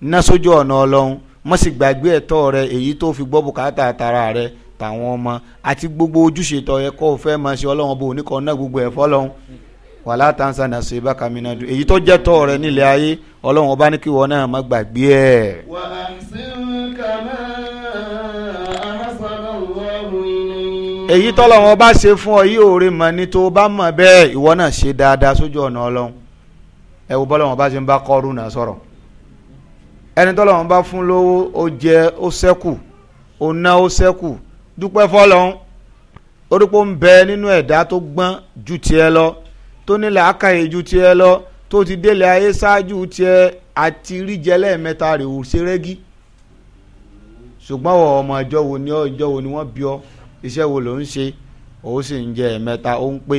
[SPEAKER 1] ná sójú ọ̀nà Ọlọ́run mọ́ sì gbàgbé ẹ̀tọ́ rẹ èyí tó fi gbọ́ bùkátà tara rẹ tàwọn ọmọ àti gbogbo ojúṣe tó yẹ kó o fẹ́ máa ṣe Ọlọ́run bò ní kọ́ ná gbogbo ẹ̀fọ́ lọ́hún wàlá tansa nasibaka minadu èyí tó jẹ́ tọ́ rẹ ayé ọlọ́run ọba ní kí wọn náà má gbàgbé ẹ̀. wà á sí kàmá èyí tọ́lọ́run ọba ṣe fún ọ yí òòrè mọ̀ ni tó bá mọ̀ bẹ́ẹ̀ ìwọ náà ṣe dáadáa sójú ọ̀nà ọlọ́run ẹ wo bọ́lọ́run ọba ṣe ń bá kọ́rù náà sọ̀rọ̀ ẹni tọ́lọ́run bá fún lówó ó jẹ ó ṣẹ́kù ó ná ó ṣẹ́kù dúpẹ́ fọ́lọ́run orúkọ ń bẹ nínú ẹ̀dá tó gbọ́n ju tiẹ̀ lọ tó ní làákàyè ju tiẹ̀ lọ tó ti délé ayé ṣáájú tiẹ̀ àti ríjẹ lẹ́ẹ̀mẹ́ta rẹ̀ ò ṣe rẹ́gí ṣùgbọ́n wọ ọmọ ìjọ wo ni ìjọ wo ni wọ́n bí ọ iṣẹ́ wo ló ń ṣe ó sì ń jẹ ẹ̀mẹ́ta ó ń pé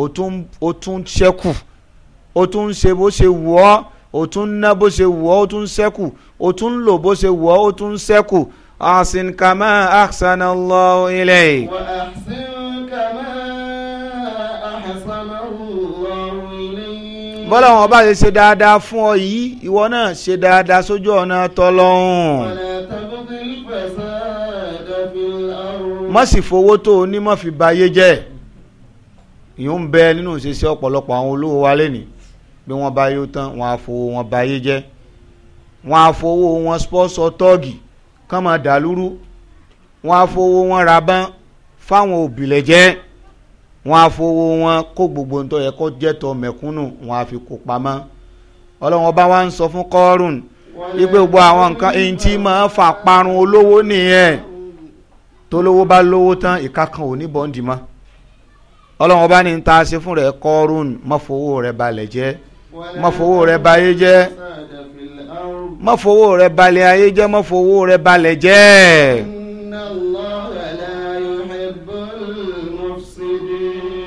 [SPEAKER 1] ó tún ṣẹ́kù ó tún ṣe bó ṣe wù ọ́ ó tún ná bó ṣe wù ọ́ ó tún ṣẹ́kù ó tún lò bó ṣe wù ọ́ ó tún ṣẹ́kù ahsin kama ahsanallahu ilayk. wa
[SPEAKER 2] ahsin bọ́lá wọn bá
[SPEAKER 1] ṣe ṣe dáadáa fún ọ yìí ìwọ náà ṣe dáadáa sójú ọ̀nà tọ́lọ́hún. má sì fowó tó o ní má fi ba ayé jẹ́ ìyóò ń bẹ nínú ìṣesí ọ̀pọ̀lọpọ̀ àwọn olówó wa lẹ́nìí bí wọ́n bá yóò tán wọ́n á fowó wọn ba ayé jẹ́ wọ́n á fowó wọn spọ́sọ tọ́ọ̀gì kán máa dàlúrú wọ́n á fowó wọn rabán fáwọn òbílẹ̀ jẹ́ wọn á fowó wọn kó gbogbo ntọ́ yẹ kó jẹ́ tọ́ mẹ̀kúnnù wọn á fi kó pamọ́ ọlọ́run ọba wa ń sọ fún kọ́rùn wípé gbogbo àwọn nǹkan èyí tí máa fà parun olówó nìyẹn tó lówó bá lówó tán ìka kan ò ní bọ́ǹdì mọ́ ọlọ́run ọba ní ta ṣe fún rẹ̀ kọ́rùn má rẹ balẹ̀ jẹ́ má rẹ balẹ̀ jẹ́ má rẹ balẹ̀ ayé jẹ́ má fowó balẹ̀ jẹ́.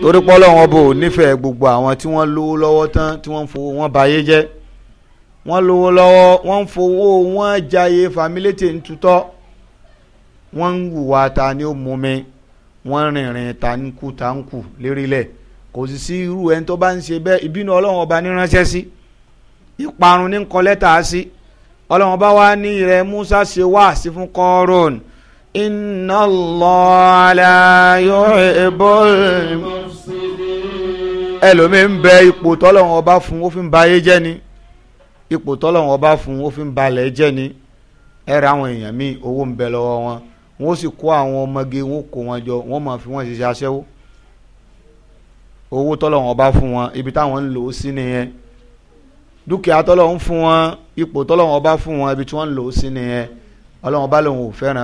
[SPEAKER 1] torí pọ́lọ́ wọn bò nífẹ̀ẹ́ gbogbo àwọn tí wọ́n lówó lọ́wọ́ tán tí wọ́n ń fowó wọn bayé jẹ́ wọ́n lówó lọ́wọ́ wọ́n ń fowó wọn jayé familétè ń tutọ́ wọ́n ń hùwà ta ni ó mú mi wọ́n rìnrìn ta ń kú ta ń kù lérílẹ̀ kò sì sí irú ẹni tó bá ń ṣe bẹ́ẹ̀ ìbínú ọlọ́run ọba ní sí ìparun ní kọ lẹ́tà sí ọlọ́run bá wá ní rẹ̀ Musa ṣe wá sí fún kọ́rọ́ọ̀nù inna Allah la yuhibbul. ẹlòmíì ń bẹ ipò tọ́lọ́run ọba fún ó ba ayé jẹ́ ni ipò ọba fún ó fi ń balẹ̀ jẹ́ ni ẹ̀rọ àwọn èèyàn míì owó ń bẹ lọ́wọ́ wọn wọ́n sì kó àwọn ọmọge wọn kó wọn jọ wọ́n máa fi wọ́n ṣiṣẹ́ aṣẹ́wó ibi táwọn ń lò ó sí nìyẹn dúkìá fún wọn ipò ọba fún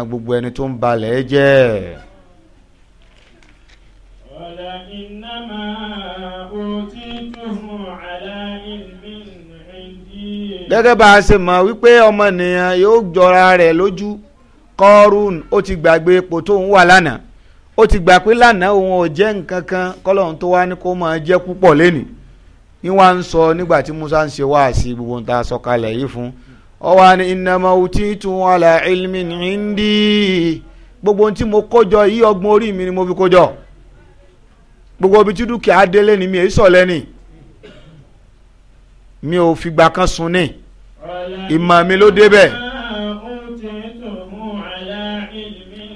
[SPEAKER 1] gbogbo ẹni tó ń balẹ̀
[SPEAKER 2] ولئنما أوتيته على
[SPEAKER 1] علم عندي gẹ́gẹ́ bá a ṣe mọ̀ wípé ọmọnìyàn yóò jọra rẹ̀ lójú kọ́rùn ó ti gbàgbé ipò tó ń wà lánàá ó ti gbà pé lánàá òun ò jẹ́ nǹkan kan kọ́lọ́hún tó wá ní kó máa jẹ́ púpọ̀ lẹ́nìí ní wá ń sọ nígbà tí Musa ń ṣe wáàsí gbogbo ń ta sọ̀kalẹ̀ yìí fún ọ wá ní innama utitu ala ilmin indi gbogbo ohun tí mo kó yí ọgbọ́n orí mi ni mo fi kó gbogbo ibi tí dúkìá délé ni mi èyí sọ̀lẹ́ ni mi ò fìgbà kan sùn ní ìmọ̀ mi ló débẹ̀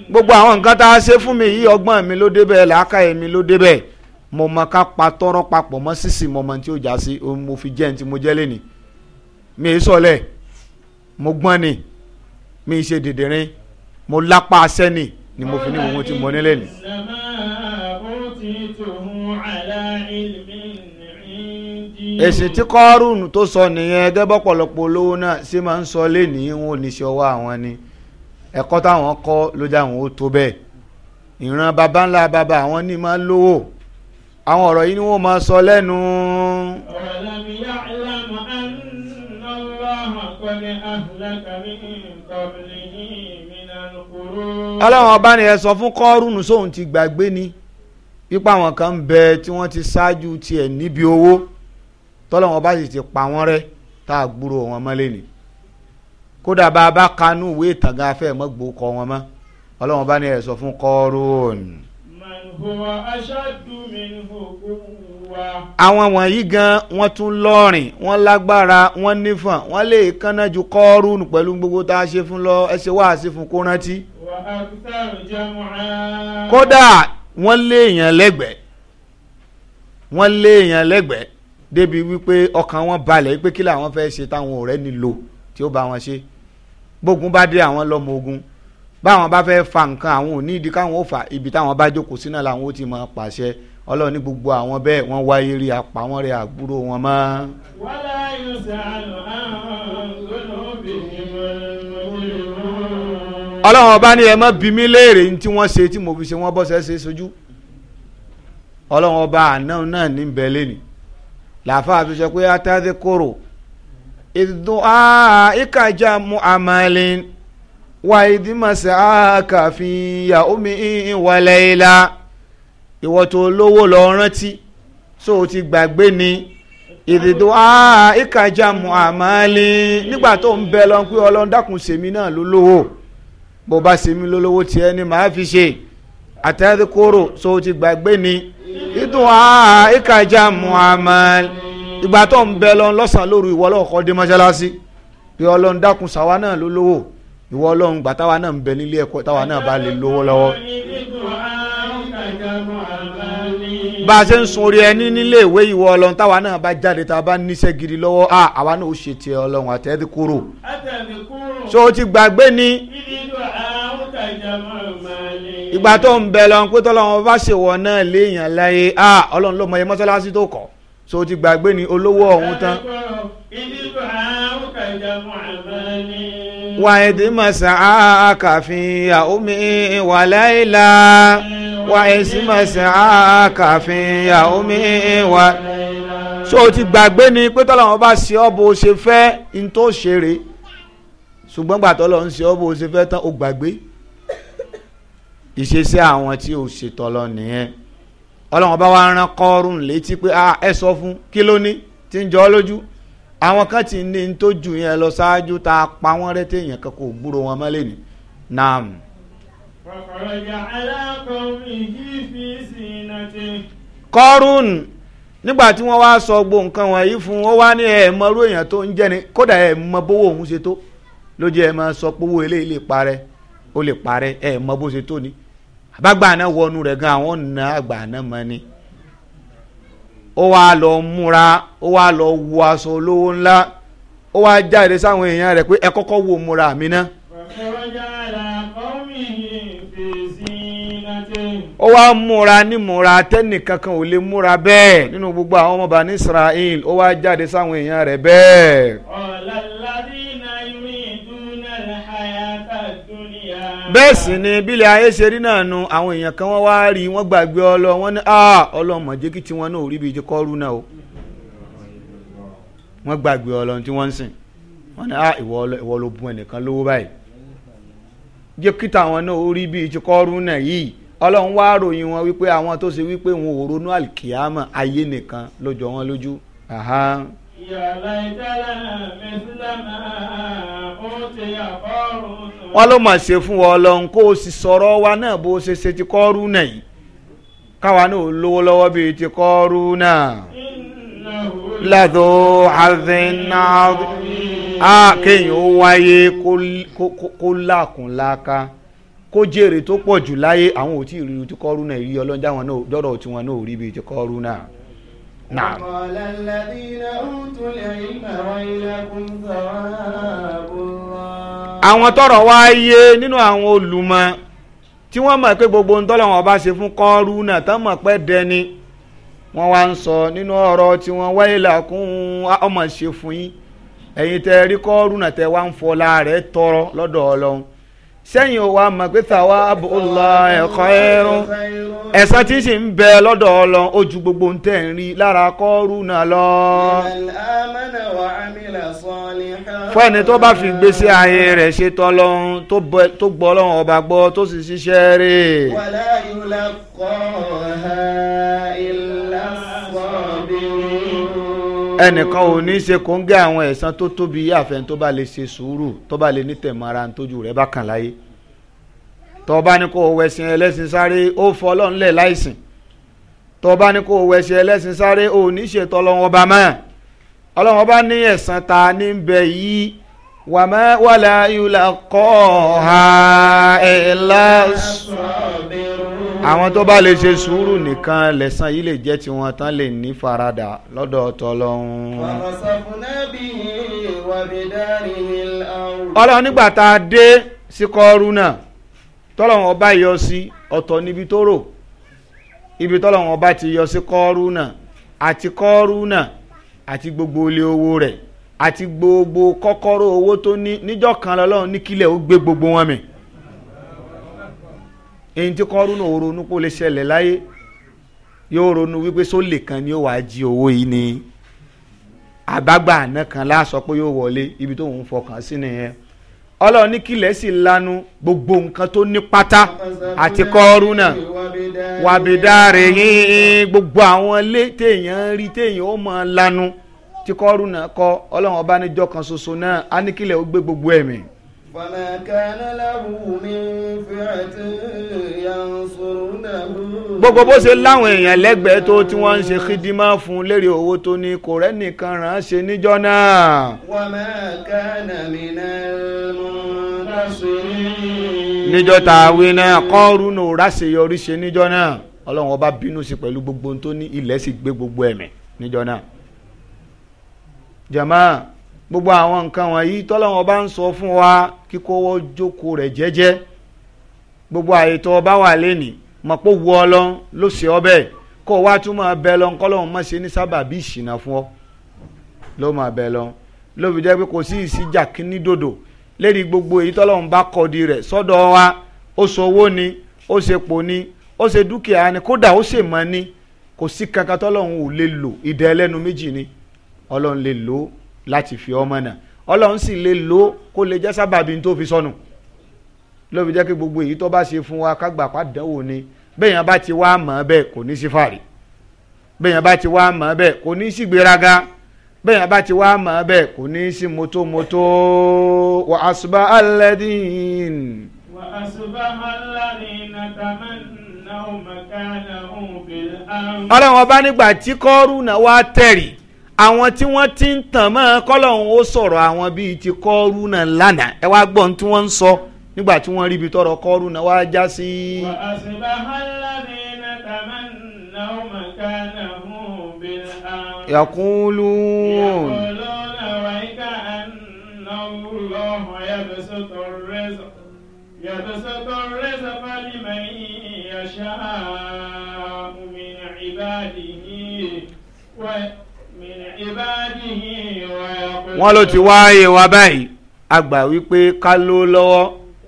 [SPEAKER 1] gbogbo àwọn nǹkan tá a ṣe fún mi yìí ọgbọ́n mi ló débẹ̀ làákàyè mi ló débẹ̀ mo mọ ká pa tọrọ papọ̀ mọ́ sísì mọ́ mọ́ tí ó já sí mo fi jẹ́ ní mo jẹ́ lé ni mi èyí sọ̀lẹ́ mo gbọ́n ni mi ṣe dìndìnrín mo lápá aṣẹ́ ni ni mo fi ní gbogbo tí mo nílé ni. èsì tí kọ́rùn tó sọ nìyẹn gẹ́bọ́pọ̀lọpọ̀ olówó náà sì máa ń sọ lénìí wọn ò ní ṣe ọwọ́ àwọn ni ẹ̀kọ́ táwọn kọ́ ló dá àwọn ó tó bẹ́ẹ̀ ìran baba ńlá baba àwọn ní máa lówó àwọn ọ̀rọ̀ yìí ni wọ́n máa sọ lẹ́nu. ọlọ́run ọba ni sọ fún kọ́rùn sóun ti gbàgbé ni pípa àwọn kan ń bẹ tí wọ́n ti ṣáájú tiẹ̀ níbi owó tọ́lọ́wọ́n bá sì ti pa wọ́n rẹ́ tá a gbúrò wọn mọ́lé ni kódà bá a bá kanú ìwé ìtàgà afẹ́ mọ́ gbó kọ wọn mọ́ ọlọ́wọ́n bá ní ẹ̀ sọ fún kọ́rún. àwọn wọ̀nyí gan wọ́n tún lọ́rìn wọ́n lágbára wọ́n nífọ̀n wọ́n lè kánná ju kọ́rún pẹ̀lú gbogbo tá a ṣe fún lọ ẹ ṣe wá sí fún kó rántí. kódà wọ́n lé èèyàn lẹ́gbẹ̀ẹ́ wọ́n lé èèyàn lẹ́gbẹ̀ẹ́ débi wípé ọkàn wọn balẹ̀ pé kí làwọn fẹ́ ṣe táwọn ọ̀rẹ́ ni lò tí ó bá wọn ṣe bógun bá dé àwọn lọ́mọ ogun báwọn bá fẹ́ fa nǹkan àwọn ò ní ìdí káwọn ò fà ibi táwọn bá jókòó sínú làwọn ó ti máa pàṣẹ ọlọ́run ní gbogbo àwọn bẹ́ẹ̀ wọ́n wáyé rí apá wọn rẹ̀ àgbúrò wọn mọ́.
[SPEAKER 2] wọ́lá yóò ṣe àlọ́ àwọn olóbìnrin mọ́.
[SPEAKER 1] ọlọ́run ọba ni ẹ má bi mí léèrè ní tí wọ́n ṣe tí mo fi ṣe wọ́n bọ́sẹ̀ ṣe sojú ọlọ́run ọba àná náà ní bẹ́ẹ̀ lénìí làáfàá fi sọ pé atadé koro ìdùn ìkàjà mu amalin wà ìdímọ̀sẹ̀ àkàfìyà omi ìwàlẹ̀ ìlà ìwọ tó lówó lọ rántí so o ti gbàgbé ni ìdìdó ìkàjà mu amalin nígbà tó ń bẹ lọ pé ọlọ́run dákun sèmi náà ló lówó bó bá sèmi ló lówó tiẹ̀ ni màá fi ṣe àtẹ́rẹ́kọ́rò so o ti gbàgbé ni ìdùn ìkàjà mu amalin ìgbà tó ń bẹ lọ lọ́sàn-án lóru ìwọ ọlọ́run kọ́ dé mọ́ṣáláṣí pé ọlọ́run dákun sàwa náà ló lówó ìwọ ọlọ́run gbà táwa náà ń bẹ nílé ẹ̀kọ́ táwa náà bá lè lówó lọ́wọ́. bá a ṣe ń sun orí ẹni nílé ìwé ìwọ ọlọ́run táwa náà bá jáde tá bá níṣẹ́ gidi lọ́wọ́ à àwa náà ó ṣe tiẹ̀ ọlọ́run àtẹ́tí kúrò.
[SPEAKER 2] so o ti gbàgbé ni
[SPEAKER 1] ìgbà tó ń bẹ lọ pé tọ́lọ́run bá ṣèwọ náà léèyàn láyé à ọlọ́run ló mọ iye mọ́ṣáláṣí tó kọ́ so ti gbàgbé ni olówó ọ̀hún tán. wàhídì màsà àkàfin yaomi wàláìlà wàhídì màsà àkàfin yaomi wàláìlà. so ti gbàgbé ni pé tọ́lọ́wọ́n bá ṣe ọ́ bó ṣe fẹ́ n tó ṣe rè ṣùgbọ́n gbàtọ́ lọ́n ṣe ọ́ bó ṣe fẹ́ tán o gbàgbé ìṣesí àwọn tí o ṣètọ́ lọ nìyẹn. ọlọ́run bá wa rán kọ́ọ̀rùn létí pé ah, ẹ sọ fún kí ló ní tí ń jọ ọ lójú àwọn kan ti ní tó jù yẹn lọ ṣáájú tá a pa wọ́n rẹ́ téèyàn kan kò gbúrò wọn mọ́lẹ̀ ni naam. kọ́ọ̀rùn nígbà tí wọ́n wá sọ gbogbo nǹkan wọ̀nyí fún ó wá ní ẹ̀ẹ́mọ́rú èèyàn tó ń jẹ́ni kódà ẹ̀ẹ́mọ́ bówó òun ṣe tó sọ pé owó lè parẹ́ ó lè parẹ́ ni. Abagbana náà wọnú gan àwọn ọ̀nà àgbà náà ni ó wá lọ múra ó wá lọ wo aṣọ olówó ńlá ó wá jáde sáwọn èèyàn rẹ̀ pé ẹ wo múra mi ná. ó wá múra ní múra tẹ́nìkankan ò lè múra bẹ́ẹ̀ nínú gbogbo àwọn ọmọọba ní Israel ó wá jáde sáwọn èèyàn rẹ̀ bẹ́ẹ̀. ọ̀làlá bẹ́ẹ̀ sì ni bílẹ̀ ayé ṣe rí náà nu àwọn èèyàn kan wọ́n wá rí wọ́n gbàgbé ọlọ wọ́n ní ọlọmọ jẹ́ kí tiwọn náà ò rí o wọ́n gbàgbé ọlọ tí wọ́n ń sìn wọ́n ní ìwọ ló bùn ẹnìkan lówó báyìí jẹ́ kí tàwọn náà ó rí bí ti kọ́ rú náà yìí ọlọ́run wá ròyìn wọn wípé àwọn tó ṣe wípé wọn ò wọ́n ló mà ṣe fún ọ ọlọ́run kó o sì sọ̀rọ̀ wa náà bó o ṣe ṣe ti kọ́ọ́rú náà yìí káwa náà lówó lọ́wọ́ bíi ti kọ́ọ́rú náà. lẹ́tọ̀ àzìnà á kéèyàn ó wáyé kó lákùnláka kó jèrè tó pọ̀ jù láyé àwọn ò tí ì rí ti kọ́ọ́rú náà rí ọlọ́jà wọn náà dọ́rọ̀ tiwọn náà ò rí bíi ti kọ́ọ́rú náà. نعم
[SPEAKER 2] قال الذين أوتوا العلم ويلكم ثواب
[SPEAKER 1] الله àwọn tọrọ wá nínú àwọn tí wọ́n mọ̀ pé gbogbo ntọ́lọ́wọ́n ọba ṣe fún Kọ́rúnà tán mọ̀ pé dẹni wọ́n wá ń sọ nínú ọ̀rọ̀ tí wọ́n wáyé làkún ọmọ ṣe fún yín ẹ̀yin tẹ́ rí tẹ́ wá ń fọlá tọrọ lọ́dọ̀ sẹ́yìn ò wá mọ̀ pé tàwa abúlá ẹ̀kọ́ ẹ̀rún ẹ̀san tí sì ń bẹ lọ́dọ̀ Ọlọ́run ó ju gbogbo ń tẹ̀ ń rí lára kọ́ọ́rù náà lọ. fún ẹni tó bá fi gbèsè ayé rẹ̀ ṣe tọ́lọ́run tó gbọ́ Ọlọ́run ọba gbọ́ tó sì ṣiṣẹ́ rẹ̀.
[SPEAKER 2] wàlá yóò la kọ́ ọ̀ha ilé. ẹnìkan ò ní
[SPEAKER 1] ṣe kóńgẹ́ àwọn ẹ̀sán tó tóbi yáàfẹ́ tó bá lè ṣe sùúrù tó bá lè ní tẹ̀mọ́ra tójú rẹ̀ bá kàn láyé tó bá ní kó wẹ̀sìn ẹlẹ́sìn sáré ó fọlọ́ ńlẹ̀ láìsìn tó bá ní kó wẹ̀sìn ẹlẹ́sìn sáré ní ọba mọ́ ní ta ní bẹ yìí wà ẹ̀
[SPEAKER 2] àwọn tó bá lè ṣe
[SPEAKER 1] sùúrù nìkan lẹ̀san yìí lè jẹ́ tí wọ́n tán lè ní faradà lọ́dọ̀ ọ̀tọ̀ lọ́hún. ọlọ́run nígbà tá a dé sí kọ́ọ́rù náà tọ́lọ́run ọba yọ sí ọ̀tọ̀ níbi tó rò ibi tọ́lọ́run ọba ti yọ sí kọ́ọ́rù náà àti kọ́ọ́rù náà àti gbogbo ilé owó rẹ̀ àti gbogbo kọ́kọ́rọ́ owó tó ní níjọ́ kan lọ́lọ́run ní ó gbé gbogbo wọn mì èyí tí kọ́ ronú ronú kó lè ṣẹlẹ̀ láyé yóò ronú wípé sólè kan ni ó wàá jí owó yìí ni àbágbà àná kan láàsọ pé yóò wọlé ibi tó ń fọkàn sí nìyẹn ọlọ́run ní kílẹ̀ sì lanu gbogbo nǹkan tó ní pátá àti kọ́ọ́rú náà wàbídàrè yín gbogbo àwọn ilé téèyàn rí téèyàn ó máa lanu tí kọ́ọ́rú náà kọ́ ọlọ́run ọba níjọ́ kan ṣoṣo náà á ní kílẹ̀ ó gbé gbogbo ẹ̀mí.
[SPEAKER 2] فما كان له من فئة ينصرونه
[SPEAKER 1] gbogbo bó ṣe láwọn èèyàn lẹ́gbẹ̀ẹ́ tó tí wọ́n ń ṣe kídímà fún lérè owó tó ní kò rẹ́nìkan ràn án ṣe níjọ́ náà.
[SPEAKER 2] وما كان من المنتصرين. níjọ́ tá a wí náà kọ́ọ̀rùn
[SPEAKER 1] ò ráṣeyọrí ṣe níjọ́ náà ọlọ́run ọba bínú sí pẹ̀lú gbogbo ohun tó ní ilẹ̀ sì gbé gbogbo ẹ̀mí níjọ́ náà. jàmáà gbogbo àwọn nǹkan wọ̀nyí tọ́lọ́wọ́n bá ń sọ fún wa kíkówó jókòó rẹ̀ jẹ́jẹ́ gbogbo àyè tó bá wà lẹ́nìí mọ̀ pé wù ọ lọ ló ṣe ọ bẹ́ẹ̀ kó o wá tún máa bẹ lọ kọ́lọ́hún má ṣe ní sábàbí ìṣìnà fún ọ ló máa bẹ lọ ló jẹ́ pé kò sí ìsíjà kíní dòdò lérí gbogbo èyí tọ́lọ́hún bá kọ́ di rẹ̀ sọ́dọ̀ wa ó ṣe owó ni ó ṣe pò ni ó ṣe dúkìá ni kódà ó ṣe mọ́ ni kò sí kankan tọ́lọ́hún ò lè lò ìdá méjì ni ọlọ́run lè lò ó láti fi ọmọ náà ọlọ́run sì lè lò ó kó lè jẹ́ sábàbí tó fi sọnù ló fi jẹ́ kí gbogbo èyí tó bá ṣe fún wa kágbà pàdánwò ni bẹ́ẹ̀ yẹn bá ti wá mọ̀ ọ́ bẹ́ẹ̀ kò ní sí fàárì bẹ́ẹ̀ yẹn bá ti wá mọ̀ ọ́ bẹ́ẹ̀ kò ní sí gbéraga bẹ́ẹ̀ yẹn bá ti wá mọ̀ ọ́ bẹ́ẹ̀ kò ní sí mọ́tòmọ́tò wà á sùbà alẹ́dín.
[SPEAKER 2] wà á sùbà alẹ́dín àtàmẹ́nà ọmọkàlà ọ̀hún bẹ̀rẹ̀ àrùn. ọlọ́run ọba
[SPEAKER 1] nígbà tí kọ́rù náà wá tẹ̀rì àwọn tí wọ́n ti ń tàn mọ́ kọ́lọ́hún ó sọ̀rọ̀ àwọn bíi ti kọ́ọ́rù náà lánàá ẹ wá gbọ́n tí wọ́n ń sọ nígbà tí wọ́n rí ibi tọrọ kọ́ọ́rù náà wá já sí. wà
[SPEAKER 2] yàtọ̀ sọ́tọ̀ rẹ̀ sọ. يبسط الرزق لمن يشاء من wọ́n ló ti wá ìwà báyìí
[SPEAKER 1] a gbà wípé ká ló lọ́wọ́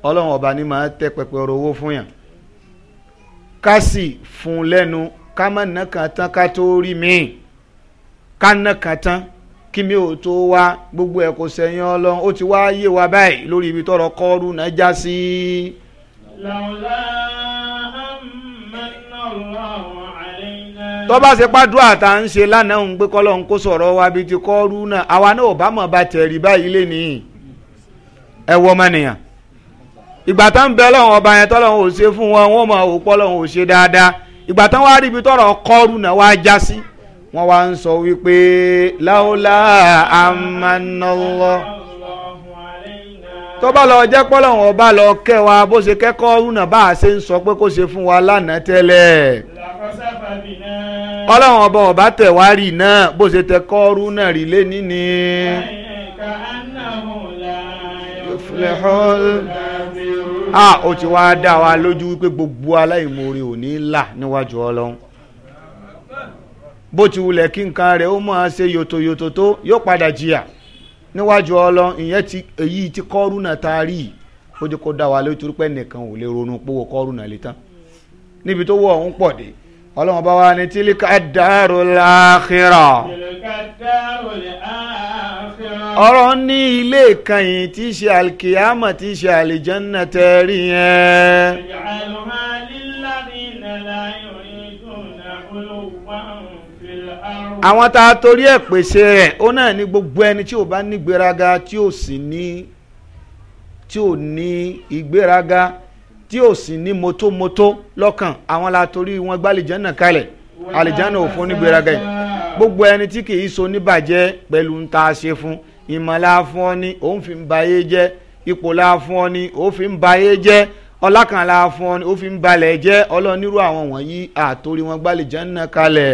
[SPEAKER 1] ọlọ́run ọba ni màá tẹ pẹpẹ ọ̀rọ̀ owó fún yàn ká sì fún lẹ́nu ká má ná tán ká tó rí míì ká ná tán kí mi ò tó wá gbogbo ẹ̀ kò sẹ́yìn ọlọ́run ó ti wá yé wa báyìí lórí ibi tọrọ kọ́ọ́rù náà já sí. làwọn láàá. tọ́ba ṣe pàdúrà tá à ń ṣe gbé kọ́lọ́ ń kó sọ̀rọ̀ wa bíi ti kọ́ọ́rú náà àwa náà ò bá mọ̀ bá tẹ̀rí báyìí lé nìyí ẹ wọ ìgbà ń bẹ ọlọ́run ọba yẹn tọ́lọ́run ò ṣe fún wọn wọn mọ̀ dáadáa ìgbà wá rí ibi tọ́rọ̀ wọ́n wá ń wípé àmànàlọ́ lọ jẹ́ pọ́lọ́run ọba lọ kẹ́ wa bó ṣe náà ọlọ́run ọba ọba tẹ̀wárì náà bó ṣe tẹ kọ́ọ́rú náà rí lé níní. a ó ti wá dá wa lójú wípé gbogbo aláìmoore ò ní là níwájú ọlọ́run bó ti wulẹ̀ kí nǹkan rẹ̀ ó máa ṣe yòtòyòtò tó yóò padà jìyà níwájú ọlọ́run ìyẹn ti èyí ti kọ́ọ́rú náà tá rí ó ti kó dá wa lójú pé nìkan ò lè ronú pé kọ́ọ́rú náà lè tán níbi tó wọ̀ ọ̀hún pọ̀ dé ọlọ́run bá wa ní tílíkà dàrú láàkírà.
[SPEAKER 2] tílíkà dàrú láàkírà. ọ̀rọ̀
[SPEAKER 1] ní ilé ìkànnì tí í ṣe alikiyama tí í ṣe alijanna tẹ́rí yẹn. àwọn tá a torí ẹ̀ pèsè rẹ̀ ó náà ní gbogbo ẹni tí ò bá ní tí ò sì ní tí ò ní ìgbéraga tí ò sì ní mọ́tòmọ́tò lọ́kàn àwọn la torí wọn gbá àlìjánà kalẹ̀ àlìjánà ò fún onígbéraga yìí gbogbo ẹni tí kì í so níbàjẹ́ pẹ̀lú ń ta ṣe fún ìmọ̀lá fún ọ ní òun fi ń ba ayé jẹ́ ipò la fún ọ ní òun fi ń ba ayé jẹ́ ọlákànlá fún ọ ní òun fi ń balẹ̀ jẹ́ ọlọ́nirú àwọn wọ̀nyí àtòrí wọn gbá àlìjánà kalẹ̀.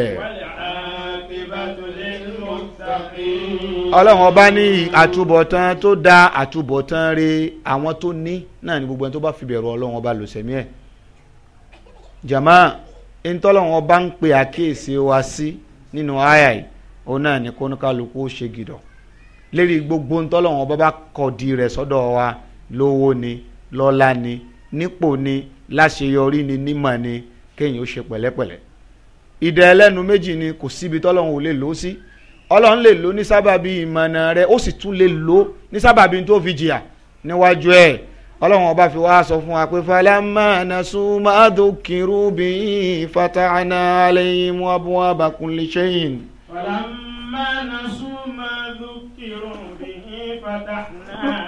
[SPEAKER 2] ọlọ́run ọba ní àtúbọ̀tán
[SPEAKER 1] tó da àtúbọ̀tán re àwọn tó ní náà ní gbogbo ẹni tó bá fi bẹ̀rù ọlọ́run ọba lò sẹ́mi ẹ̀ jàmá ntọ́lọ́run ọba ń pe àkíyèsí wa sí nínú àyà òun náà ní kónúkálukú ṣe gìdọ̀ lérí gbogbo ntọ́lọ́run ọba bá kọ̀ di rẹ̀ sọ́dọ̀ wa lówó ni lọ́lá ni nípò ni láṣeyọrí ni nímọ̀ ni kéèyàn ó ṣe pẹ̀lẹ́pẹ̀lẹ́ ìdẹ ẹlẹ́nu méjì ni kò síbi tọ́lọ́run ò lè lò ó sí. Si ọlọ́run lè lò ní sábàbí ìmọ̀nà rẹ ó sì tún lè lò ní sábàbí tó fi jìyà níwájú ẹ̀ ọlọ́run ọba fi wá sọ fún wa pé falamma nasu ma dhukiru bi fatahna alayhim abwaba kulli shay'in.
[SPEAKER 2] falamma nasu ma dhukiru bi fatahna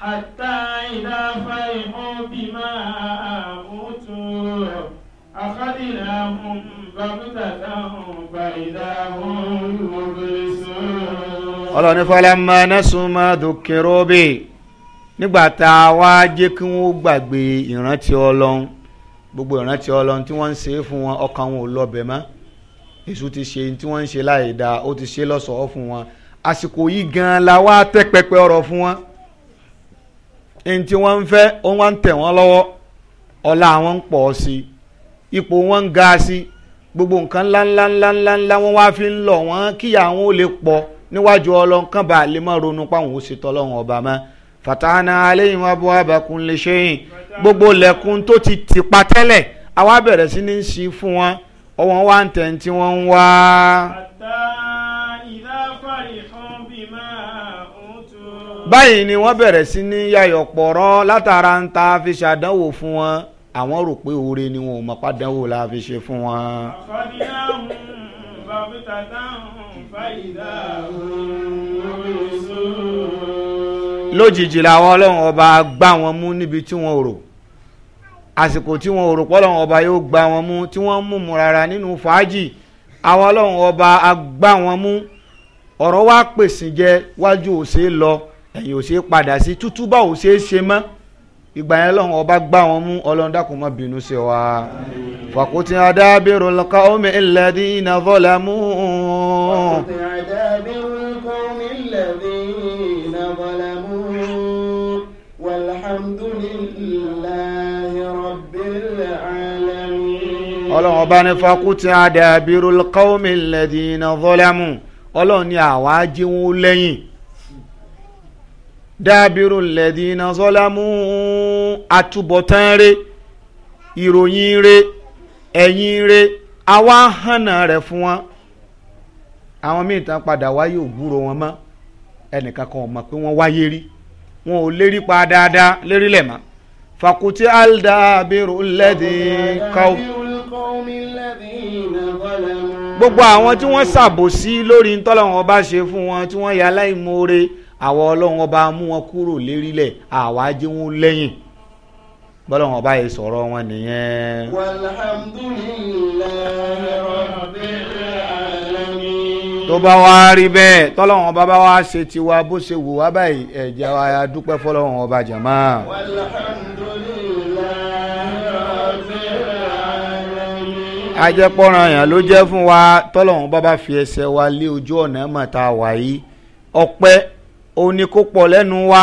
[SPEAKER 2] hatta idha farihu bima utu. أخذناهم بغتة فإذا هم مبلسون
[SPEAKER 1] ọlọ́run ní falamma nasu ma dhukiru bi nígbà tá a wá jẹ́ kí wọ́n gbàgbé ìrántí ọlọ́run gbogbo ìrántí ọlọ́run tí wọ́n ń ṣe fún wọn ọkàn wọn ò lọ́bẹ̀ mọ́ èṣù ti ṣe tí wọ́n ń ṣe láì dáa ó ti ṣe lọ́sọ̀ọ́ fún wọn àsìkò yìí gan-an la wá tẹ́ pẹpẹ ọ̀rọ̀ fún wọn ẹni tí wọ́n ń fẹ́ wọ́n wá ń tẹ̀ wọ́n lọ́wọ́ ọlá àwọn ń pọ̀ sí i ipò wọn ń ga sí gbogbo nǹkan ńláńlá ńláńlá ńlá wọn wá fi ń lọ wọn kí àwọn ò lè pọ̀ níwájú ọlọ́run kan bá lè má ronú páwọn ò sì tọ́lọ́run ọba mọ́ fatahana aleyhim abu abakun lè ṣẹ́yìn gbogbo lẹ́kùn tó ti tìpa tẹ́lẹ̀ àwa bẹ̀rẹ̀ sí ní sí fún wọn ọwọ́n wá ń tẹ̀ tí wọ́n ń wá. báyìí ni wọ́n bẹ̀rẹ̀ sí ní yàyọ̀ pọ̀rọ̀ látara ń ta fi ṣàdánwò fún wọn àwọn rò pé oore ni wọn ò mọ̀ pàdánwò la fi ṣe fún wọn. lójijì làwọn ọlọ́run ọba gbá wọn mú níbi tí wọn rò àsìkò tí wọn rò pọ́lọ́run ọba yóò gbá wọn mú tí wọ́n mú mu rárá nínú fàájì àwọn ọlọ́run ọba gbá wọn mú ọ̀rọ̀ wa pèsè jẹ wájú ò lọ ẹ̀yìn ò padà sí tútúbà ò ṣe mọ́ ìgbà yẹn lọ́hùn ọba gbá wọn mú ọlọ́run dákun má bínú sí wa fàkútì adábìrò lọ́ka omi ìlẹ́dí iná fọ́lá mú. fàkútì
[SPEAKER 2] adábìrò lọ́ka omi ìlẹ́dí iná ọlọ́run ọba ní
[SPEAKER 1] fàkútì adábìrò lọ́ka omi ìlẹ́dí iná fọ́lá mú ọlọ́run ní àwa jí wọn lẹ́yìn dábìrú lẹ́dínà sọ́lámù àtúbọ̀tán re ìròyìn re ẹ̀yìn re àwa hànà rẹ̀ fún wọn àwọn míì tán padà wáyé ògbúrò wọn mọ́ ẹnìkan kan mọ̀ pé wọ́n wáyé rí wọn ò lérí pa dáadáa lérí lẹ̀ mọ́ fakuti aldabiru lẹ́dí kọ́ gbogbo àwọn tí wọ́n ṣàbòsí lórí ntọ́lọ́wọ́n bá ṣe fún wọn tí wọ́n yà láìmoore àwọn ọlọ́run ọba mú wọn kúrò lérílẹ̀ àwa jẹ́ wọn lẹ́yìn bọ́lọ́run ọba yìí sọ̀rọ̀ wọn nìyẹn.
[SPEAKER 2] tó bá wá rí bẹ́ẹ̀
[SPEAKER 1] tọ́lọ́run ọba bá wá ṣe tiwa bó ṣe wù wá báyìí ẹ̀jẹ̀ wa dúpẹ́ fọlọ́run ọba jàmá. ajẹ́pọ̀ràn yẹn ló jẹ́ fún wa tọ́lọ́run bá bá fi ẹsẹ̀ wa lé ojú ọ̀nà mọ̀ta wáyé ọpẹ́ òní kó pọ̀ lẹ́nu wa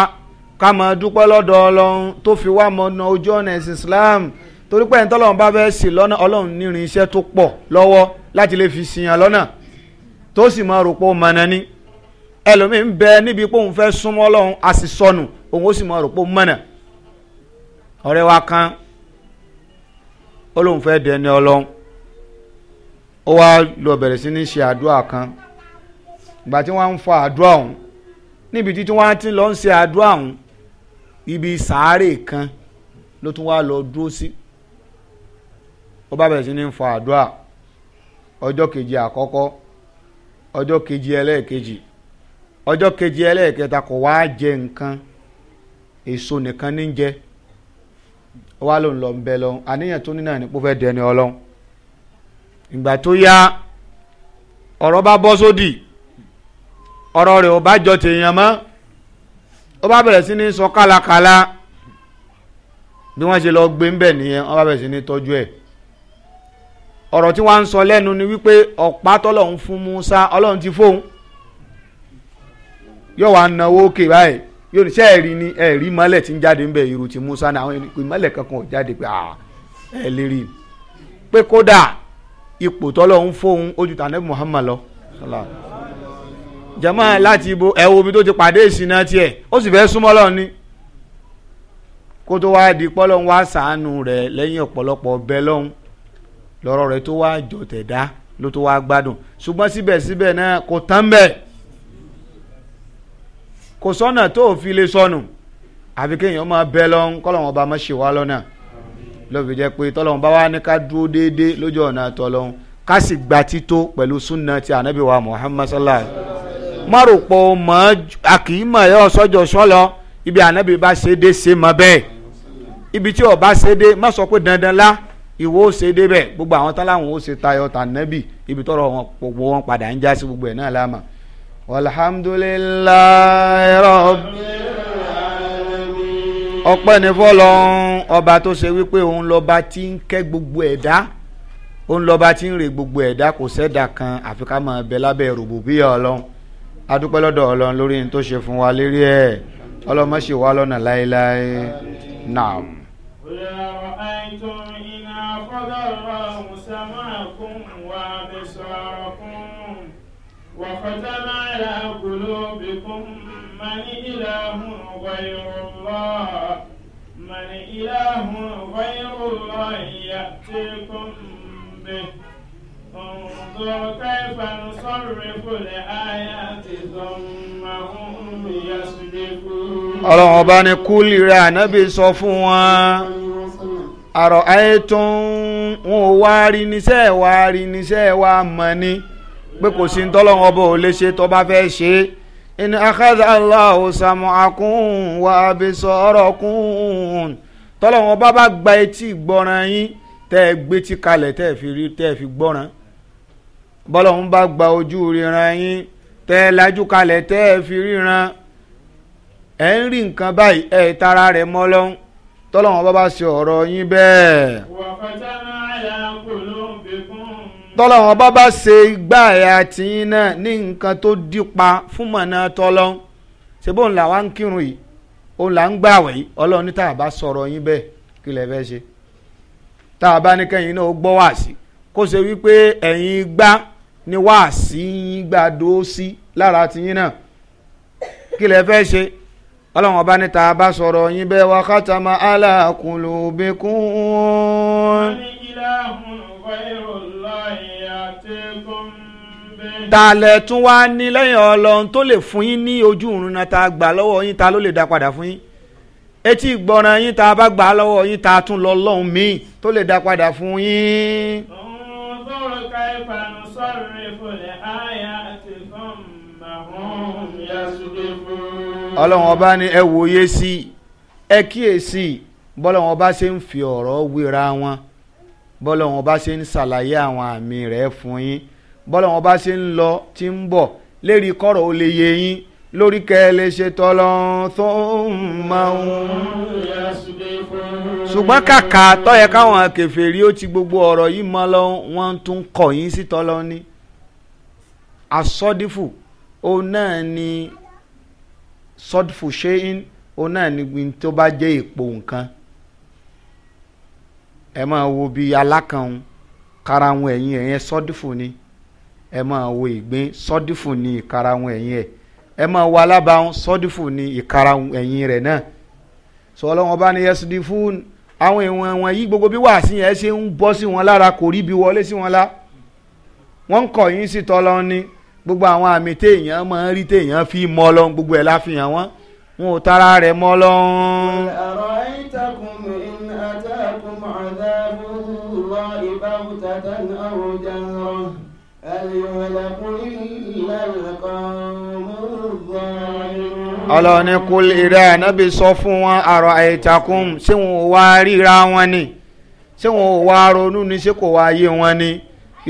[SPEAKER 1] ká máa dúpẹ́ lọ́dọ̀ ọlọ́run tó fi wá mọ̀nà ojú ọ̀nà islam torí pé ẹ̀ńtọ́ ọlọ́run bá fẹ́ sí lọ́nà ọlọ́run nírin iṣẹ́ tó pọ̀ lọ́wọ́ láti lè fi sìyàn lọ́nà tó sì máa rò mọ̀nà ni ẹlòmíín bẹ níbi pé òun fẹ́ súnmọ́ ọlọ́run a sì sọnù òun ó sì si àdúrà kan ìgbà tí wọ́n àdúrà ọ̀hún níbi tí wọ́n ti lọ ń ṣe àdúrà ọ̀hún ibi sàárè kan ló tún wá lọ dúró sí ó bá bẹ̀rẹ̀ sí ní fa àdúrà ọjọ́ kejì àkọ́kọ́ ọjọ́ kejì ẹlẹ́ẹ̀kejì ọjọ́ kejì ẹlẹ́ẹ̀kẹta kò wá jẹ nǹkan èso nìkan ní jẹ ó wá ló ń lọ bẹ lọ àníyàn tó ní náà ní kó fẹ́ dẹni ọlọ́run ìgbà tó yá ọ̀rọ̀ bá bọ́ sódì. So ọ̀rọ̀ rẹ̀ ò bá jọ tèèyàn mọ́ ó bá bẹ̀rẹ̀ sí ní sọ kálakàla bí wọ́n ṣe lọ gbé ń bẹ̀ nìyẹn wọ́n bá bẹ̀rẹ̀ sí ọ̀rọ̀ tí wọ́n sọ lẹ́nu ni wípé ọ̀pá tọ́lọ́hún fún Musa ọlọ́run ti fóun yóò wá náwó òkè báyìí yóò ni mọ́lẹ̀ jáde ń bẹ̀ Musa àwọn mọ́lẹ̀ kankan jáde pé ah, lè rí pé kódà ipò tọ́lọ́hún fóun ojú tànẹ́bù lọ. jama láti ibo ẹ wo ibi tó ti pàdé ìṣìnà tiẹ̀ ó sì fẹ́ súnmọ́ lọ ni kó tó wá di pọ́lọ́ ń wá sàánú rẹ̀ lẹ́yìn ọ̀pọ̀lọpọ̀ bẹ́ẹ̀ lọ́hún lọ́rọ̀ rẹ̀ tó wá jọ̀tẹ̀dá ló tó wá gbádùn ṣùgbọ́n síbẹ̀síbẹ̀ náà kò tán bẹ́ẹ̀ kò sọ́nà tó fi lè sọnù àfi kéèyàn máa bẹ́ẹ̀ lọ́hún kọ́lọ́wọ́n ọba máa ṣe wá lọ́nà lọ́bi jẹ́ pé tọ́lọ́wọ́n bá wá ní ká dúró déédéé lójú ọ̀nà tọ́lọ́hún ká sì gba tító pẹ̀lú súnà ti ànábìwá Muhammad sallallahu alayhi wa sallam mọ́rùpọ̀ mọ́ àkìímọ̀ ẹ̀ ọ̀sọ́jọ́ sọ́lọ ibi ànábì bá ṣe dé ṣe mọ́ bẹ́ẹ̀ ibi tí ọba ṣe dé má sọ pé dandan lá ìwọ ó ṣe dé bẹ́ẹ̀ gbogbo àwọn tán láwọn ó ṣe tayọ tànẹ́bì ibi tọrọ wọn gbogbo wọn padà ń já sí gbogbo ẹ̀ náà láàmà. alhamdulillahi rabbil alamin ọpẹ́ ní fọlọ́n ọba tó ṣe wípé òun lọ́ba tí ń kẹ́ gbogbo ẹ̀dá òun lọ́ba tí ń rè gbogbo ẹ̀dá kò sẹ́dà kan àfi máa bẹ lábẹ́ rògbòbíyà ọlọ́run adúpẹ́ lọ́dọ̀ ọlọ́run lórí ní tó ṣe fún wa lérí ẹ̀ ọlọ́mọ ṣì wá lọ́nà láéláé naam.
[SPEAKER 2] وختم على قلوبكم من إله غير الله من إله غير الله يأتيكم به انظر كيف نصرف الآيات ثم هم
[SPEAKER 1] يصدفون ọ̀rọ̀ ọba ni kúlì rẹ̀ ànábì sọ fún wọn àrọ̀ àìtún wọn ò wá rí níṣẹ́ wá rí níṣẹ́ wá mọ̀ ni pé kò sí tọ́lọ́wọ́n ọba ò lè ṣe tó bá fẹ́ ṣe é in akhadha Allahu sam'akum wa absarakum tọ́lọ́wọ́n ọba bá gba etí ìgbọ́ràn yín tẹ́ ẹ gbé tí kalẹ̀ tẹ́ fi gbọ́ràn bọ́lọ́hún bá gba ojú ríran yín tẹ́ lajú kalẹ̀ tẹ́ ẹ fi ríran ẹ ń rí nǹkan báyìí ẹ tara rẹ̀ mọ́ lọ́hún tọ́lọ́hún bá bá ọ̀rọ̀ yín bẹ́ẹ̀. fún mọ̀nà tọ́lọ́hún ṣe bóun làwa ń kírun yìí òun là ń yìí ọlọ́run ní sọ̀rọ̀ yín bẹ́ẹ̀ kí lè fẹ́ ṣe ni wáàsí yín gbàdó sí lára tiyín náà kí lẹ fẹ́ ṣe ọlọ́run ọba níta bá sọ̀rọ̀ yín bẹ́ẹ̀ wá kátàmá aláàkúnlò bíkún. ta lẹ tún wá ní lẹ́yìn ọlọ́run tó lè fún yín ní ojú ìrun náà ta gbà lọ́wọ́ yín ta ló lè dá padà fún yín etí ìgbọràn yín ta bá gbà lọ́wọ́ yín ta tún lọ lọ́hùn míì tó lè dá padà fún yín.
[SPEAKER 2] كيف نصرف الآيات ثم هم يصدفون ọlọ́run ọba
[SPEAKER 1] ni ẹ wòye sí ẹ kíyèsí bọ́lọ́run ọba ṣe ń fi ọ̀rọ̀ wéra wọn bọ́lọ́run ọba ṣe ń ṣàlàyé àwọn àmì rẹ̀ fún yín bọ́lọ́run ọba ṣe ń lọ tí ń bọ̀ lérí kọ́rọ̀ ó lè yé yín lórí kẹ́lẹ́ ṣe tọ́lọ́ tó ń máa ń. ṣùgbọ́n kàkà tọ́yẹ káwọn kèfèrí ó ti gbogbo ọ̀rọ̀ yìí mọ́ lọ wọ́n tún kọ̀ yín sí tọ́lọ́ ní. asọ́dífù òun náà ni sọ́dífù ṣéyìn òun náà ni gbin tó bá jẹ́ èpo nǹkan. ẹ máa wo bí alákànun karahun ẹ̀yìn ẹ̀yẹn sọ́dífù ni ẹ máa wo ìgbín sọ́dífù ni karahun ẹ̀yìn ẹ̀yẹn ẹ máa wọ alábàáhùn sọ́dífù ní ìkara ẹ̀yìn rẹ̀ náà sọ ọlọ́wọ́n bá ní yẹsùn dífù àwọn èèwọ̀n wọn yìí gbogbo bí wàásì yẹn ṣe ń bọ́ sí wọn lára kò rí bí wọlé sí wọn lá wọ́n ń kọ̀ yín sí tọ́lọ́ ni gbogbo àwọn àmì téèyàn máa ń rí téèyàn fi mọ́ ọlọ́run gbogbo ẹ̀ láfihàn wọn wọn ò tara rẹ̀ mọ́ ọlọ́run. ọ̀rọ̀ ọlọ́ni kúlì rẹ̀ ànábì sọ fún wọn àrọ̀ àìtàkùn ṣé wọn ò wá ríra wọn ni ṣé wọn ò wá ronú ni ṣé kò wá yé wọn ni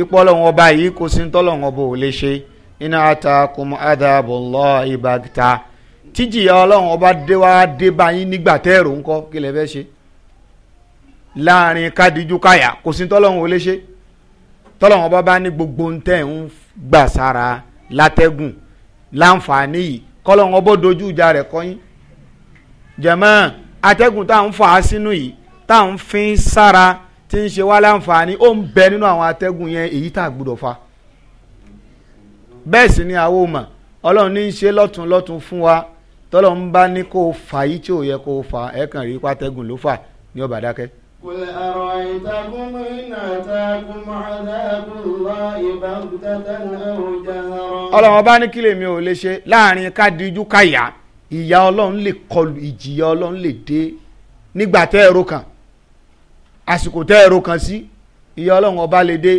[SPEAKER 1] ipò lọ́wọ́n ọba yìí kò sí tọ́lọ́wọ́n ọba ò lè ṣe iná àtàkùn adàbọ̀lọ́ ìbàgìta tíjìyà ọlọ́wọ́n ọba dé wá dé báyìí nígbà tẹ́ẹ̀rù ńkọ́ kí lè fẹ́ ṣe láàrin kádìjú káyà kò sí tọ́lọ́wọ́n lè ṣe tọ́lọ́wọ́n ọba bá ní gbogbo ń ń gbà sára látẹ́gùn láǹfààní yìí kọlọ́n ọbọ̀ dojú ìjà rẹ̀ kọ́yìn jẹ̀mọ́ atẹ́gùn tá à ń fà á sínú yìí tá à ń fi sára tí ń ṣe wá láǹfààní ó ń bẹ nínú àwọn atẹ́gùn yẹn èyí tá a gbọ́dọ̀ fa bẹ́ẹ̀ sì ni àwọn òmà ọlọ́run ní í ṣe lọ́tún lọ́tún fún wa tọ́lọ́run bá ní kó o fà yìí tí ò yẹ kó o fà ẹ̀ kàn rí pátẹ́gùn ló fà ní ọ̀bàdákẹ́
[SPEAKER 2] قل أرأيتكم إن أتاكم عذاب الله بغتة أو جهرا
[SPEAKER 1] ọlọ́run ọba ní kí lèmi ò lè ṣe láàrin ká dijú káyà ìyà ọlọ́run lè kọlù ìjìyà ọlọ́run lè dé nígbà tẹ́ ẹ̀rọ kan àsìkò tẹ́ ẹ̀rọ kan sí ìyà ọlọ́run ọba lè dé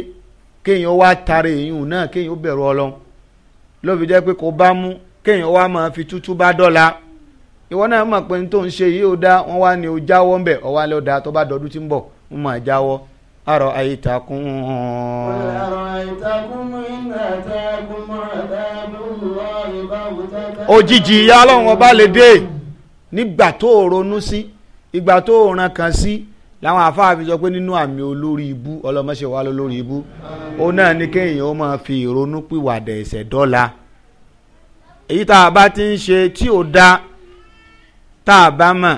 [SPEAKER 1] kéèyàn wá tara èèyàn náà kéèyàn bẹ̀rù ọlọ́run ló fi pé kò bá mú kéèyàn wá máa fi tútú bá dọ́la ìwọ náà mọ̀ pé tó ń ṣe yìí ó dá wọn wá ní o jáwọ́ ń bẹ̀ ọ̀wá ló dá tó bá dọdún tí ń bọ̀ ń máa jáwọ́ àrọ̀ àyítakùn. àrọ̀
[SPEAKER 2] àyítakùn iná tẹ́gùn mọ́ ẹ̀dẹ́gùn lọ ìbáwò tẹ́tẹ́. òjijì ìyá ọlọ́run ọba lè dé
[SPEAKER 1] nígbà tó ronú sí ìgbà tó ràn kàn sí làwọn àfáàfin sọ pé nínú àmì olórí ibú ọlọmọṣẹ wa lórí ibú ó náà ní kéèyàn ó máa fi ìrònú pìwàdà ẹ̀ṣẹ̀ dọ́la èyí tá a bá ti ń ṣe tí ò dáa tá a bá mọ̀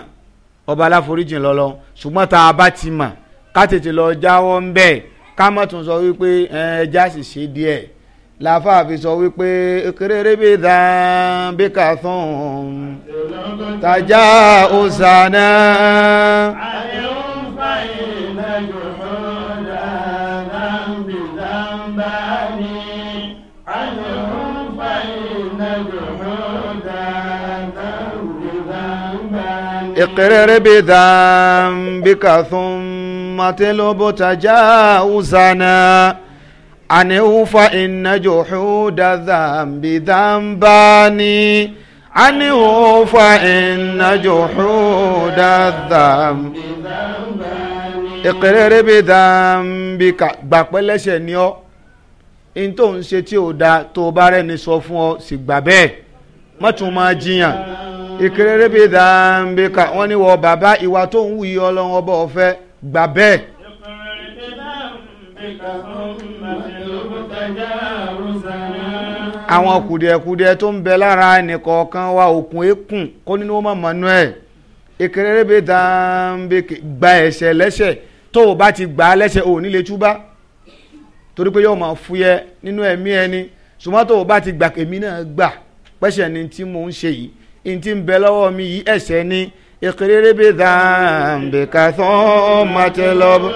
[SPEAKER 1] ọba aláforíjì lọ́lọ́ ṣùgbọ́n tá a bá ti mọ̀ ká tètè lọ jáwọ́ ń bẹ̀ ká má tún sọ wípé ẹja sì ṣe díẹ̀ làáfàá sọ wípé kéréré bí dán bí ká fún tajà ọ̀sán náà.
[SPEAKER 2] àyẹ̀wò ń fa ìlẹ́jọ́.
[SPEAKER 1] اقرر بذنبك ثم تلب تجاوزنا عنه فإن جحود الذنب ذنبان عنه فإن جحود الذنب اقرر بذنبك gbà pé ẹlẹ́ṣẹ̀ ni ọ́ in tó ń ṣe tí ò da tó bá rẹ́ni sọ fún ọ sì gbà bẹ́ẹ̀ má tún máa jiyàn ìkérérébè dàmbíkà wọ́n ní wọ bàbá ìwà tó ń wù yí ọlọ́run ọba ọ̀fẹ́ gbà bẹ́ẹ̀. àwọn kùdìẹ̀kùdìẹ̀ tó ń bẹ lára ẹnìkọ̀ọ̀kan wa òkun eékùn kó nínú ọmọ manuel ìkérérébè dàmbíkà gba ẹ̀ṣẹ̀ lẹ́ṣẹ̀ tó o bá ti gbà á lẹ́ṣẹ̀ ò ní lè túbá torí pé yóò máa fúyẹ́ nínú ẹ̀mí ẹni ṣùgbọ́n bá ti gbà èmi náà gbà pẹ́ṣẹ̀ ni tí mò ń ṣe yìí ntí ń bẹ lọ́wọ́ mi yìí ẹ̀ṣẹ̀ ni ìkéréré bíi dàmbé kàtó màtẹ́lọ́bù.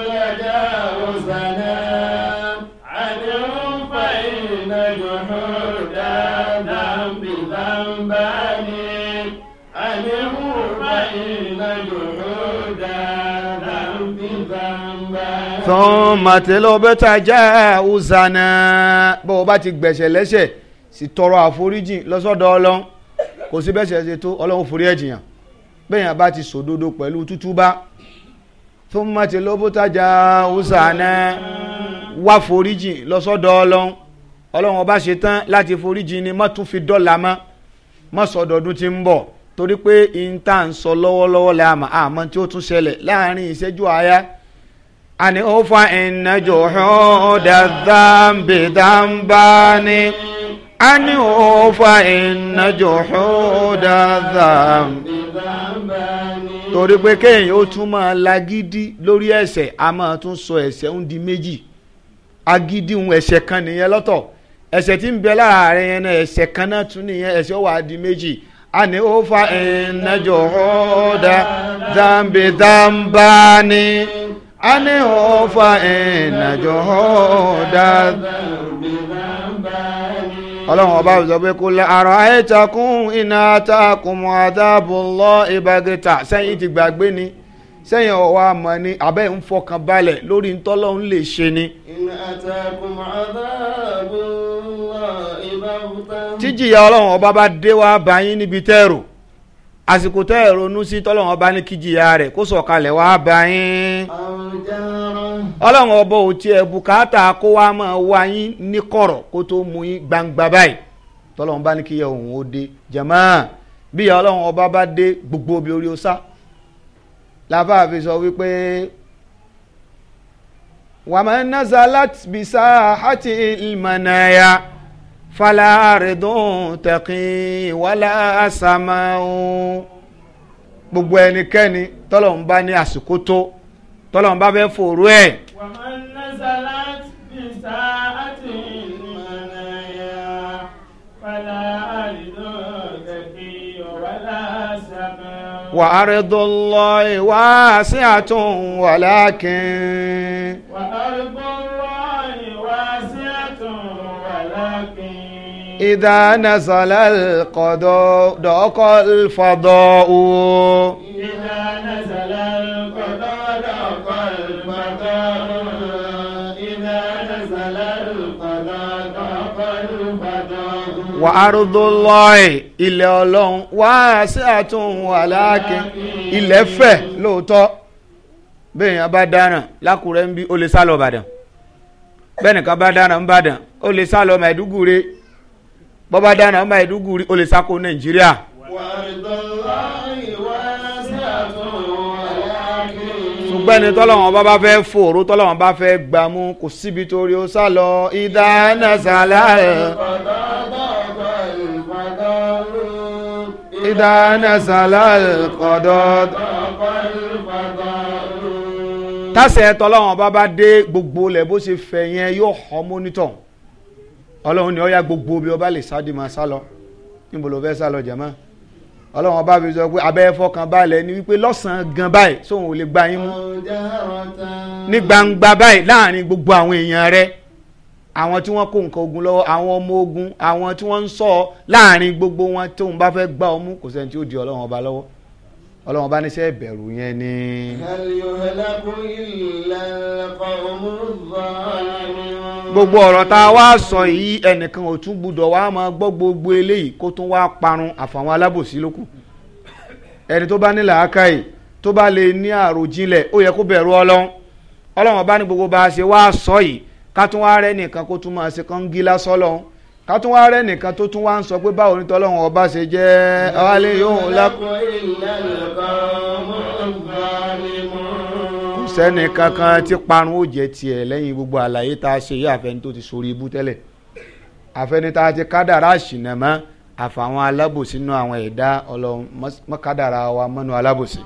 [SPEAKER 1] tán màtẹ́lọ́ bẹ́ tajà ọ̀sánà bó o bá ti gbẹ̀ṣẹ̀ lẹ́ṣẹ̀ sì tọrọ àforíjì lọ́sọ̀dọ̀ ọlọ́run kò sí bẹ́sẹ̀ ṣe tó ọlọ́run forí ẹ̀jìyàn bẹ́yìn àbá ti sòdodo pẹ̀lú bá tó má ti lóbó tájà ọ̀sánà wá foríjì lọ́sọ́dọ̀ ọlọ́run ọlọ́run ọba ṣe tán láti foríjì ni má tún fi dọ́là mọ́ má sọdọ̀dún ti ń bọ̀ torí pé ìta ń sọ lọ́wọ́lọ́wọ́ lẹ́ àmọ́ àmọ́ tí ó tún ṣẹlẹ̀ láàrin ìṣẹ́jú àáyá àní ó fa ìnájọ́ ọ̀hún ọ̀dà dáńbì dáńbà ni. عنه فإن جحود الذنب torí pé kéèyàn ó tún máa lagídí lórí ẹ̀ṣẹ̀ a máa tún sọ ẹ̀ṣẹ̀ ń di méjì agídí ń ẹ̀ṣẹ̀ kan nìyẹn lọ́tọ̀ ẹ̀ṣẹ̀ tí ń bẹ lára rẹ̀ yẹn náà ẹ̀ṣẹ̀ kan náà tún nìyẹn ẹ̀ṣẹ̀ wà á di méjì àní ó fa ìnájọ ọ̀dà dàmbì dàmbà ni àní ó fa ìnájọ ọ̀dà dàmbì dàmbà ni. ọlọ́run ọba ìjọ pé kó ara ẹ̀ẹ́tàkùn iná àtàkùnmọ̀ àdáàbòlọ́ ìbàgẹ́ta sẹ́yìn ti gbàgbé ni sẹ́yìn ọwọ́ àmọ́ ni abẹ́ ń fọkàn balẹ̀ lórí ntọ́lọ́run lè ṣe ni.
[SPEAKER 2] iná àtàkùnmọ̀ àdáàbòlọ́ ìbàgẹ́ta. ọlọ́run
[SPEAKER 1] ọba bá dé wá báyìí níbi tẹ́rù àsìkò tẹ́rù ronú sí tọ́lọ́run ọba ní kíjìyà rẹ̀ kó sọ̀kalẹ̀ wá báyìí. ọlọ́run ọba ò tiẹ̀ bùkátà kó wá máa wá yín ní kọ̀rọ̀ kó tó mú yín gbangba báyìí tọ́lọ́run bá ní kí òun ó ọlọ́run ọba bá dé gbogbo obì orí ó làbá fi sọ wípé bisa hati ilmanaya fala aridun taqi asamau gbogbo ẹnikẹ́ni tọ́lọ́run bá ní tọ́lọ́run bá fẹ́ fòrú ẹ̀. wà á rẹ̀ dọ́lọ́ ìwà sí àtún wà wà á rẹ̀
[SPEAKER 2] dọ́lọ́ ìwà sí àtún wà lákìn.
[SPEAKER 1] إذا نزل القضاء ضاق الفضاء
[SPEAKER 2] إذا نزل
[SPEAKER 1] wà arúgbóláì ilẹ̀ ọlọ́run wá sí àtúnwò aláàkín ilẹ̀ fẹ̀ lóòótọ́ bẹ́ẹ̀ yẹn bá dáràn lákùrẹ́ ń bí ó lè sá lọ Ìbàdàn bẹ́ẹ̀ nìkan bá dáràn ń Bàdàn ó lè sá lọ Maiduguri bọ́ bá dáràn ń Maiduguri ó lè sá kó Nàìjíríà.
[SPEAKER 2] ṣùgbọ́n ẹni tọ́lọ́wọ́n bá
[SPEAKER 1] bá fẹ́ fòrò tọ́lọ́wọ́n bá fẹ́ gbàmú kò síbi torí ó sá lọ ìdáná sálárẹ̀. إذا نزل القضاء tásẹ̀ tọ́lọ́wọ́n bá bá dé gbogbo lẹ̀ bó ṣe fẹ̀ yẹn yóò họ mọ́nítọ̀ ọlọ́run ni ó yá gbogbo bí ọba lè sáde máa sá lọ níbo ló fẹ́ sá lọ jẹ̀mọ́ ọlọ́run ọba fi sọ pé abẹ́ fọkàn balẹ̀ ni wípé lọ́sàn gan báyìí sóun ò lè gba yín mú ní gbangba báyìí láàrin gbogbo àwọn èèyàn rẹ̀ àwọn tí wọ́n kó nǹkan ogun lọ́wọ́ àwọn ọmọ ogun àwọn tí wọ́n ń sọ láàrin gbogbo wọn tóun bá fẹ́ gbá ọmú kò sẹ́ni tí ó di ọlọ́run ọba lọ́wọ́ ọlọ́run bá níṣẹ́ ìbẹ̀rù yẹn ni. gbogbo ọ̀rọ̀ tá a wá sọ yìí ẹnìkan ò tún gbúdọ̀ wá máa gbọ́ gbogbo eléyìí kó tún wá parun àfàwọn alábòsí lókù ẹni tó bá ní làákàyè tó bá lè ní àròjinlẹ̀ ó yẹ kó bẹ̀rù ọlọ́run ọlọ́run bá ní gbogbo bá a ṣe wá sọ yìí ká tún wá rẹ́ nìkan kó tún máa ṣe kán gí lásán lọ́hún ká tún wá rẹ́ nìkan tó tún wá ń sọ pé báwo ni tọ́lọ́hún ọba ṣe jẹ́ ọ̀hálẹ́ yóò lápò. kò sẹ́ni kankan tí parun ó jẹ tiẹ̀ lẹ́yìn gbogbo àlàyé tá a ṣe yí àfẹni tó ti sórí ibú tẹ́lẹ̀ àfẹni tá a ti kádàrá àṣìnà àfàwọn alábòsí nínú àwọn ẹ̀dá ọlọ́run mọ́kádàrá wa mọ́nu alábòsí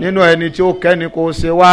[SPEAKER 1] nínú ẹni tí ó kẹ́ni kó ṣe wá.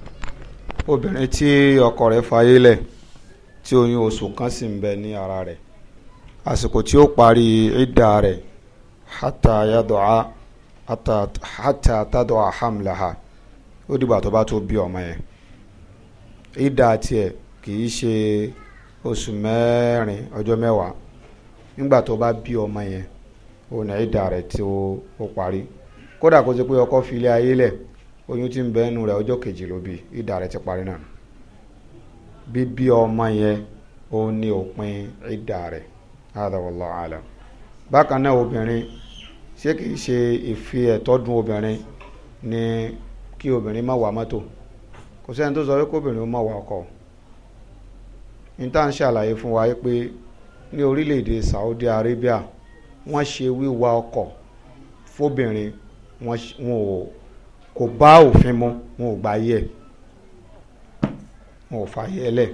[SPEAKER 1] obìnrin tí ọkọ rẹ fayé lẹ̀ tí oyún oṣù kan sì ń bẹ ní ara rẹ àsìkò tí ó parí ìdá hata hata tadoa hamlaha ó dìgbà tó bá tó bí ọmọ yẹn ìdá tiẹ̀ kì í ṣe oṣù mẹ́rin ọjọ mẹwàá nígbà tó bá bí ọmọ yẹn òun ìdá tí ó parí kódà kó oyún tí ń bẹ ẹnu rẹ̀ ọjọ́ kejì ló bí ìdá rẹ̀ ti parí náà bíbí ọmọ yẹn ó ní òpin ìdá rẹ̀ hādhā wallāhu a'lam bákan náà obìnrin ṣé kìí ṣe ìfi ẹtọ dun obìnrin ni kí obìnrin má wà mọ́tò kò sẹ́ni tó sọ pé kóbìnrin ó má wà ọkọ̀ níta ń ṣàlàyé fún wa pé ní orílẹ̀-èdè Saudi Arabia wọ́n ṣe wíwa ọkọ̀ fóbìnrin wọn ò kò bá òfin mu wọn ò gbà yẹ wọn ò fà yẹ lẹ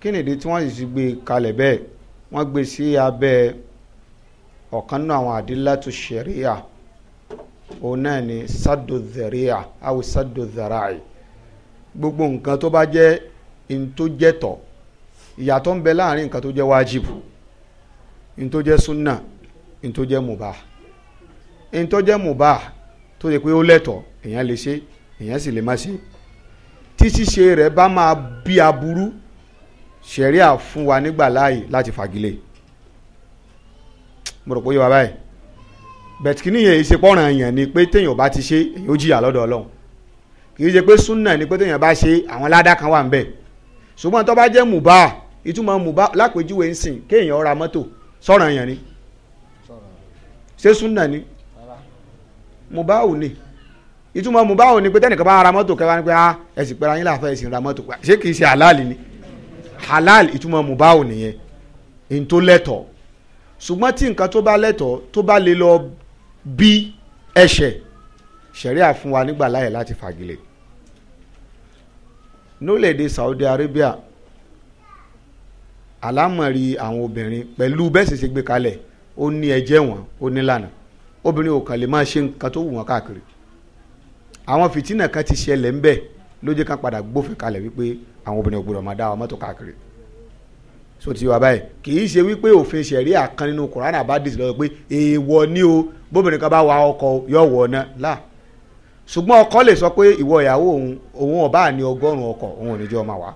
[SPEAKER 1] kí nìdí tí wọ́n sì gbé kalẹ̀ bẹ́ẹ̀ wọ́n gbé sí abẹ́ ọ̀kan nínú àwọn àdílátù ṣẹ̀ríà òun náà ni sadozẹ̀ríà àwọn sadozẹ̀ráì gbogbo nǹkan tó bá jẹ́ in tó jẹ́ tọ̀ ìyàtọ̀ ń bẹ láàrin nǹkan tó jẹ́ wájibù in tó jẹ́ súnà in tó jẹ́ mùbá in tó jẹ́ mùbá tó yẹ pé ó lẹ́tọ̀ èèyàn lè ṣe èèyàn sì lè má ṣe tí ṣíṣe rẹ̀ bá máa bí aburú ṣẹ̀ríà fún wa nígbà láàyè láti fagilé mo rò pé yẹ wa báyìí bẹ̀tì kí nìyẹn ìṣepọ̀ràn èèyàn ni pé téèyàn bá ti ṣe èèyàn ó jìyà lọ́dọ̀ ọlọ́run kì ṣe pé súnà ni pé téèyàn bá ṣe àwọn ládà kan wà ń bẹ̀ ṣùgbọ́n tó bá jẹ́ mùbá ìtumọ̀ mùbá lápèjúwe ń sìn kéèyàn ra mọ́tò sọ̀ràn èèyàn ni ṣé súnà ni mubáwò ni ìtumọ̀ mubáwò ni pé tẹ́nìkan bá ra mọ́tò kẹwàá ni pé ah ẹ̀sìn pẹ̀lú ayé làfẹ́ ẹ̀sìn ra mọ́tò ṣé kìí ṣe halal ni halal ìtumọ̀ mubáwò nìyẹn n tó lẹ́tọ̀ ṣùgbọ́n tí nǹkan tó bá lẹ́tọ̀ tó bá lè lọ bí ẹ̀ṣẹ̀ ṣẹ̀ríà fún wa nígbà láyè láti fagilé nílẹ̀-èdè Saudi Arabia alámọ̀rí àwọn obìnrin pẹ̀lú bẹ́ẹ̀ sì ṣe gbé kalẹ̀ ó ní ẹjẹ́ wọn ó ní lànà obìnrin ò kàn lè máa ṣe nǹkan tó wù wọ́n káàkiri àwọn fìtínà kan ti ṣẹlẹ̀ ń bẹ̀ ló jẹ́ kan padà gbófin kalẹ̀ wípé àwọn obìnrin ò gbọdọ̀ máa dá àwọn mọ́tò káàkiri so ti wà báyìí kì í ṣe wípé òfin ṣẹ̀ríà kan nínú Kùránì àbádìsí lọ́wọ́ pé èèwọ̀ ni o bóbìnrin kan bá wa ọkọ yọ wọ̀ ọ́ náà là ṣùgbọ́n ọkọ lè sọ pé ìwọ ìyàwó òun òun ọba àní ọgọ́rùn-ún ọkọ òun ò ní jọ máa wá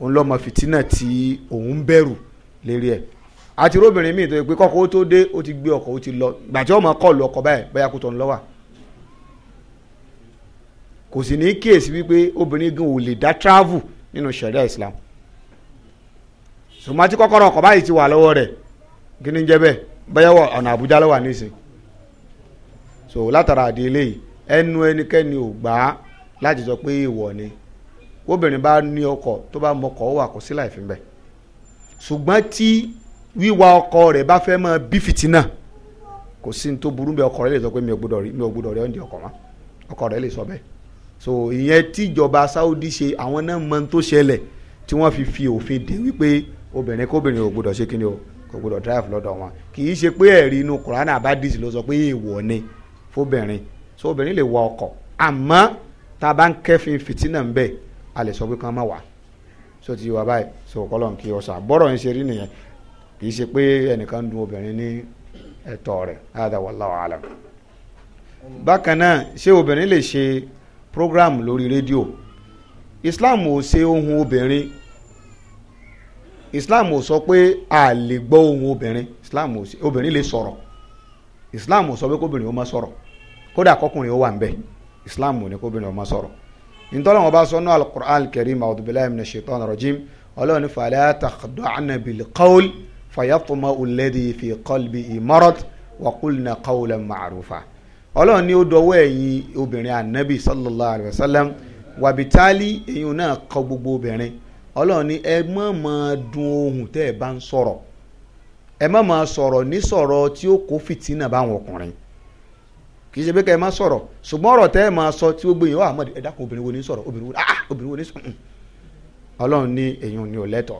[SPEAKER 1] òun lọ́mọ fìtínà tí òun bẹ̀rù lérí ẹ̀ a róbìnrin míì tó yẹ pé kọ́kọ́ ó tó dé ó ti gbé ọkọ̀ ó ti lọ gbàtí ọmọ kọ́ lu ọkọ̀ báyìí bóyá kó tọ̀ ń lọ́wà kò sì ní kíyèsí wípé obìnrin gan ò lè Islam sùmọ́tí kọ́kọ́rọ́ ọkọ̀ báyìí ti wà lọ́wọ́ rẹ̀ kí ni jẹ́ bẹ́ẹ̀ bóyá ọ̀nà Àbújá lọ́wà so látara àdé eléyìí ẹnu ẹnikẹ́ni ò gbà á láti sọ pé ìwọ ni obìnrin bá ní ọkọ̀ tó bá mọ wíwa ọkọ rẹ̀ bá fẹ́ máa bí fìtínà kò sí ní tó burú bẹ́ẹ̀ ọkọ rẹ̀ lè sọ pé mi ò gbọ́dọ̀ rí mi ò gbọ́dọ̀ rí ọ́n di ọkọ mọ́ ọkọ rẹ̀ lè sọ bẹ́ẹ̀ so ìyẹn tíjọba Saudi ṣe àwọn náà mọ tó ṣẹlẹ̀ tí wọ́n fi fi òfin dé wípé obìnrin kóbìnrin ò gbọ́dọ̀ ṣe kíni o kò gbọ́dọ̀ drive lọ́dọ̀ wọn kì í ṣe pé ẹ̀rí inú Quran abadis ló sọ pé èèwọ̀ ni fóbìnrin so obìnrin lè wọ ọkọ̀ àmọ́ tá a bá ń kẹ́fin fìtínà ń bẹ̀ a lè sọ pé kán má wà so ti wà báyìí so kọ́lọ́n kí ọ sà bọ́rọ̀ ń ṣe rí nìyẹn kì í ṣe pé ẹnìkan dun obìnrin ní ẹ̀tọ́ rẹ̀ hada wallahu alam. bákan náà ṣé obìnrin lè ṣe program lórí rédíò islam ò ṣe ohun obìnrin islam ò sọ pé a lè gbọ́ ohun obìnrin islam ò ṣe obìnrin lè sọ̀rọ̀ islam ò sọ pé kóbìnrin ó má sọ̀rọ̀ kódà kọkùnrin ó wà ń bẹ̀ islam ò ní kóbìnrin ó má sọ̀rọ̀ ntọ́lọ́wọ́ bá sọ náà al-Qur'an al-Karim a'udhu billahi minash shaitanir rajim ọlọ́run fala takhda'na fàyàfọmọ olẹ́dì fi kọ́lbì ìmọ́rọ́t wàkúlnà kọ́wùlẹ̀ màrúfà ọlọ́run ní ó dọwọ́ ẹ̀yin obìnrin ànábì sallallahu alayhi wa sallam wàbítálí ẹ̀yin náà kọ gbogbo obìnrin ọlọ́run ní ẹ má máa dun ohùn tẹ́ ẹ bá ń sọ̀rọ̀ ẹ má máa sọ̀rọ̀ ní sọ̀rọ̀ tí ó kó fìtínà báwọn ọkùnrin kì í ṣe pé ká ẹ má sọ̀rọ̀ ṣùgbọ́n ọ̀rọ̀ tẹ́ ẹ máa sọ tí ó gbé yẹn ẹ dákun obìnrin wo ní sọ̀rọ̀ obìnrin wo ní ah, sọ̀rọ̀ mm. ọlọ́run ní ẹ̀yin ò ní ò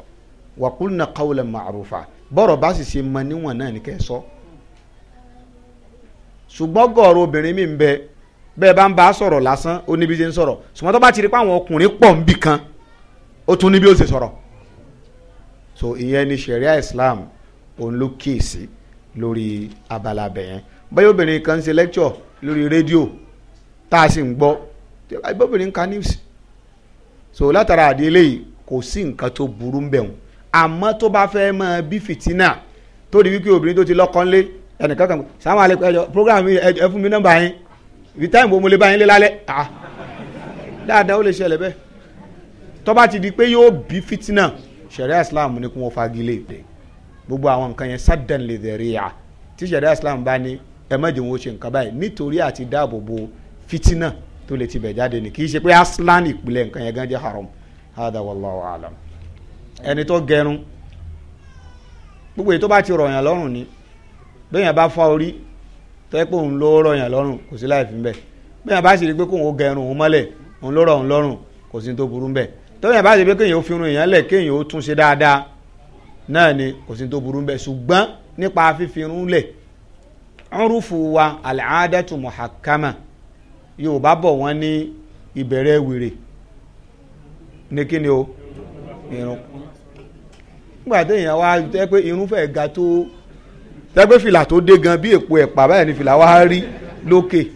[SPEAKER 1] wàkúlnà kawulẹ̀ màrúfà bọ́rọ̀ bá sì ṣe mọ níwọ̀n náà ní kẹ́ ẹ sọ ṣùgbọ́n gọ̀ọ̀rọ̀ obìnrin mi ń bẹ bẹ́ẹ̀ bá ń bá sọ̀rọ̀ lásán ó níbi ṣe ń sọ̀rọ̀ ṣùgbọ́n tó bá ti rí pé àwọn ọkùnrin pọ̀ ń bì kan ó tún níbi ó ṣe sọ̀rọ̀ so ìyẹn ni sharia islam òun ló kíyèsí lórí abala bẹ̀yẹn bẹ́ẹ̀ obìnrin kan ṣe lecture lórí rédíò tá a sì ń gbọ́ obìnrin ka news so látara àdé eléyìí kò sí nǹkan tó burú ń bẹ̀ wọ́n àmọ́ tó bá fẹ́ mọ bí fìtínà tó di wípé obìnrin tó ti lọ́kọ́ ńlé ẹnìkan kan sàmú alẹ́ ẹjọ program ẹ fún mi nọ́mbà yín ibi táyìn bò mo lè bá yín lé lálẹ́ ah dáadáa ó lè ṣẹlẹ̀ bẹ́ẹ̀ tó bá ti di pé yóò bí fìtínà sẹ̀ríà islam ní kí wọ́n fagilé gbogbo àwọn nǹkan yẹn sudden lè dẹ̀rẹ̀ yà tí sẹ̀ríà islam bá ní ẹ má jẹ́ wọn ó ṣe nǹkan báyìí nítorí àti dáàbò bo fìtínà tó lè tibẹ̀ jáde ni kì í ṣe pé aslan ìpìlẹ̀ nǹkan yẹn gan jẹ́ haram hada wallahu alam ẹni tó gẹrun gbogbo èyí tó bá ti rọ̀yàn lọ́rùn ni bẹ́ẹ̀yàn bá fá orí tẹ́ pé òun ló rọ̀yàn lọ́rùn kò sí láì fi bẹ́ẹ̀ bẹ́ẹ̀yàn bá sì rí pé kóun ó gẹrun òun mọ́lẹ̀ òun ló rọ̀ òun lọ́rùn kò sí tó burú bẹ́ẹ̀ tẹ́yàn bá sì pé kéèyàn ó fi irun èèyàn lẹ̀ kéèyàn ó tún ṣe dáadáa náà ni kò sí tó burú bẹ́ẹ̀ ṣùgbọ́n nípa fífi irun lẹ̀ ọ̀rùfù wa al-aadatu muhakkama yorùbá bọ̀ wọ́n ní ìbẹ̀rẹ̀ wèrè ní kíni o irun nígbà téèyàn wá tẹ́ pé irun fẹ́ ga tó tẹ́ pé fìlà tó dé gan bí èpo ẹ̀pà báyìí ni fìlà wá rí lókè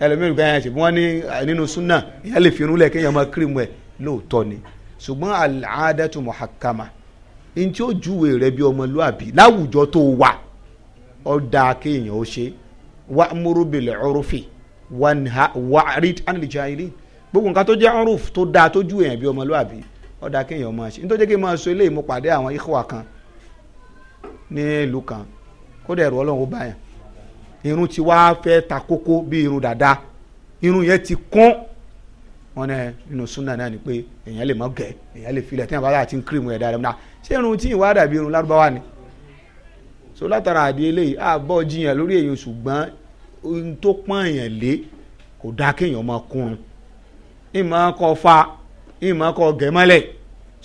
[SPEAKER 1] ẹlòmíràn kan yẹn ṣe wọ́n ní nínú súnà ìyẹn lè fi irun lẹ̀ kéèyàn máa kírìmù ẹ̀ lóòótọ́ ni ṣùgbọ́n àlàádẹ́tù mọ̀hákàmà ní tí ó júwe rẹ bí ọmọlúàbí láwùjọ tó wà ó dáa kéèyàn ó ṣe wà múrúbìlẹ̀ ọrùfì wà rí ànìlẹ̀ jẹ́ gbogbo nǹkan tó jẹ́ ọrùf tó dáa tó júwe yẹn bí ọmọlúàbí ọ̀dà kéèyàn máa ṣe nítorí jẹ́ kí n máa sọ eléyìí mo pàdé àwọn ikhwa kan ní ìlú kan kódà ẹ̀rù ọlọ́run ó báyàn irun ti wá fẹ́ ta kókó bí irun dàda irun yẹn ti kún wọn ní nínú súnà náà ni pé èèyàn lè mọ gẹ èèyàn lè filẹ̀ tí wọn bá dà ti ń kírìmù ẹ̀ dáadáa ah, ṣé irun tí ìwà dàbí irun lárúbáwá ni so látara àdé eléyìí àbọ̀ jiyàn lórí èyí ṣùgbọ́n ohun tó pọ́n èèyàn lé kò dá kéèyàn máa kún un ìmọ̀ kọ́ fa ìmọ̀ kọ gẹ̀mọ́lẹ̀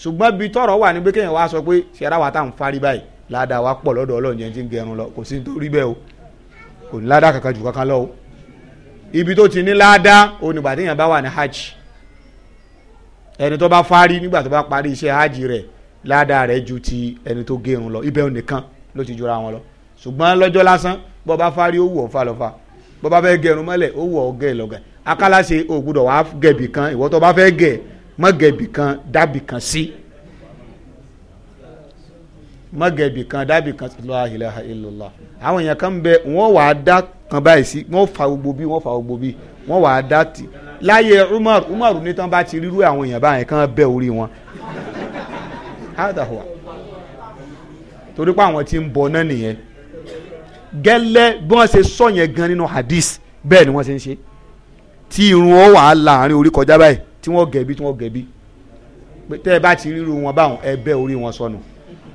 [SPEAKER 1] ṣùgbọ́n bíi tọrọ wà ní pé kéèyàn sọ pé ṣẹ́ra wa tá à ń fárí báyìí ládàá wa pọ̀ lọ́dọ̀ ọlọ́run yẹn ti ń gẹrun lọ kò sí nítorí bẹ́ẹ̀ o kò ní ládàá kankan jù kankan lọ o ibi tó ti ní ládàá onígbà téèyàn bá wà ní hajj ẹni tó bá fárí nígbà tó bá parí iṣẹ́ hajj rẹ̀ ládàá rẹ̀ ju ti ẹni tó gẹrun lọ ibẹ̀ nìkan ló ti jura wọn lọ ṣùgbọ́n lọ́jọ́ lásán bọ́ bá fárí ó wù ọ́ fa lọ́fà bọ́ bá fẹ́ gẹrun mọ́lẹ̀ ó wù ọ́ akálàṣe ògbúdọ̀ wàá gẹ̀bì kan ìwọ bá fẹ́ gẹ̀ mọ́gẹ̀bì kan dábì kan sí mọ́gẹ̀bì kan dábì kan sí la ilaha illallah àwọn èèyàn kan bẹ wọ́n wàá dá kan báyìí sí wọ́n fa gbogbo bí wọ́n fa gbogbo bí wọ́n wàá dá tì láyé Umar Umar ní tán bá ti rírú àwọn èèyàn báyìí kan bẹ orí wọn hádàhùwà torí pé àwọn tí ń bọ náà nìyẹn gẹ́lẹ́ bí wọ́n ṣe sọ yẹn gan nínú hadith bẹ́ẹ̀ ni wọ́n ṣe ń ṣe tí irun ó wà á la orí kọjá báyìí tí wọ́n gẹ̀bi tí wọ́n gẹ̀bi tẹ́ ẹ bá ti ríru wọn báwọn ẹ bẹ́ orí wọn sọnù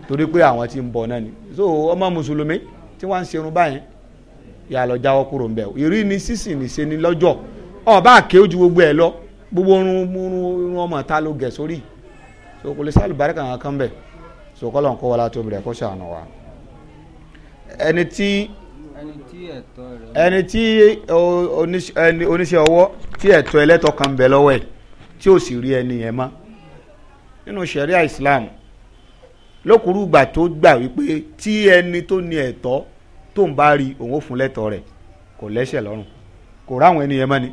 [SPEAKER 1] torí pé àwọn ti ń bọ̀ náà ni so ọmọ mùsùlùmí tí wọ́n ń serun báyẹn yà lọ jáwọ́ kúrò ń bẹ̀ o ìrí ni sísìn ní ṣe ni lọ́jọ́ ọba àké ojú gbogbo ẹ lọ gbogbo irun ọmọ ta ló gẹ̀ sórí so kò lè sálù bàrẹ́ kankan kan bẹ̀ so kọ́ lọ́n kọ́ wọlé àti obìnrin ẹ̀kọ́ ṣàánú wa ẹni tí ẹni tí oníṣẹ́ ọwọ́ tí ẹ̀tọ́ ẹlẹ́tọ̀ kan bẹ̀ lọ́wọ́ ẹ̀ tí ò sì rí ẹni yẹn mọ́ nínú ṣẹ̀ríà Islam lókùrúgbà tó gbà wípé tí ẹni tó ní ẹ̀tọ́ tó ń bá rí òun ó fún lẹ́tọ̀ọ́ rẹ̀ kò lẹ́sẹ̀ lọ́rùn kò ráwọn ẹni yẹn mọ́ ni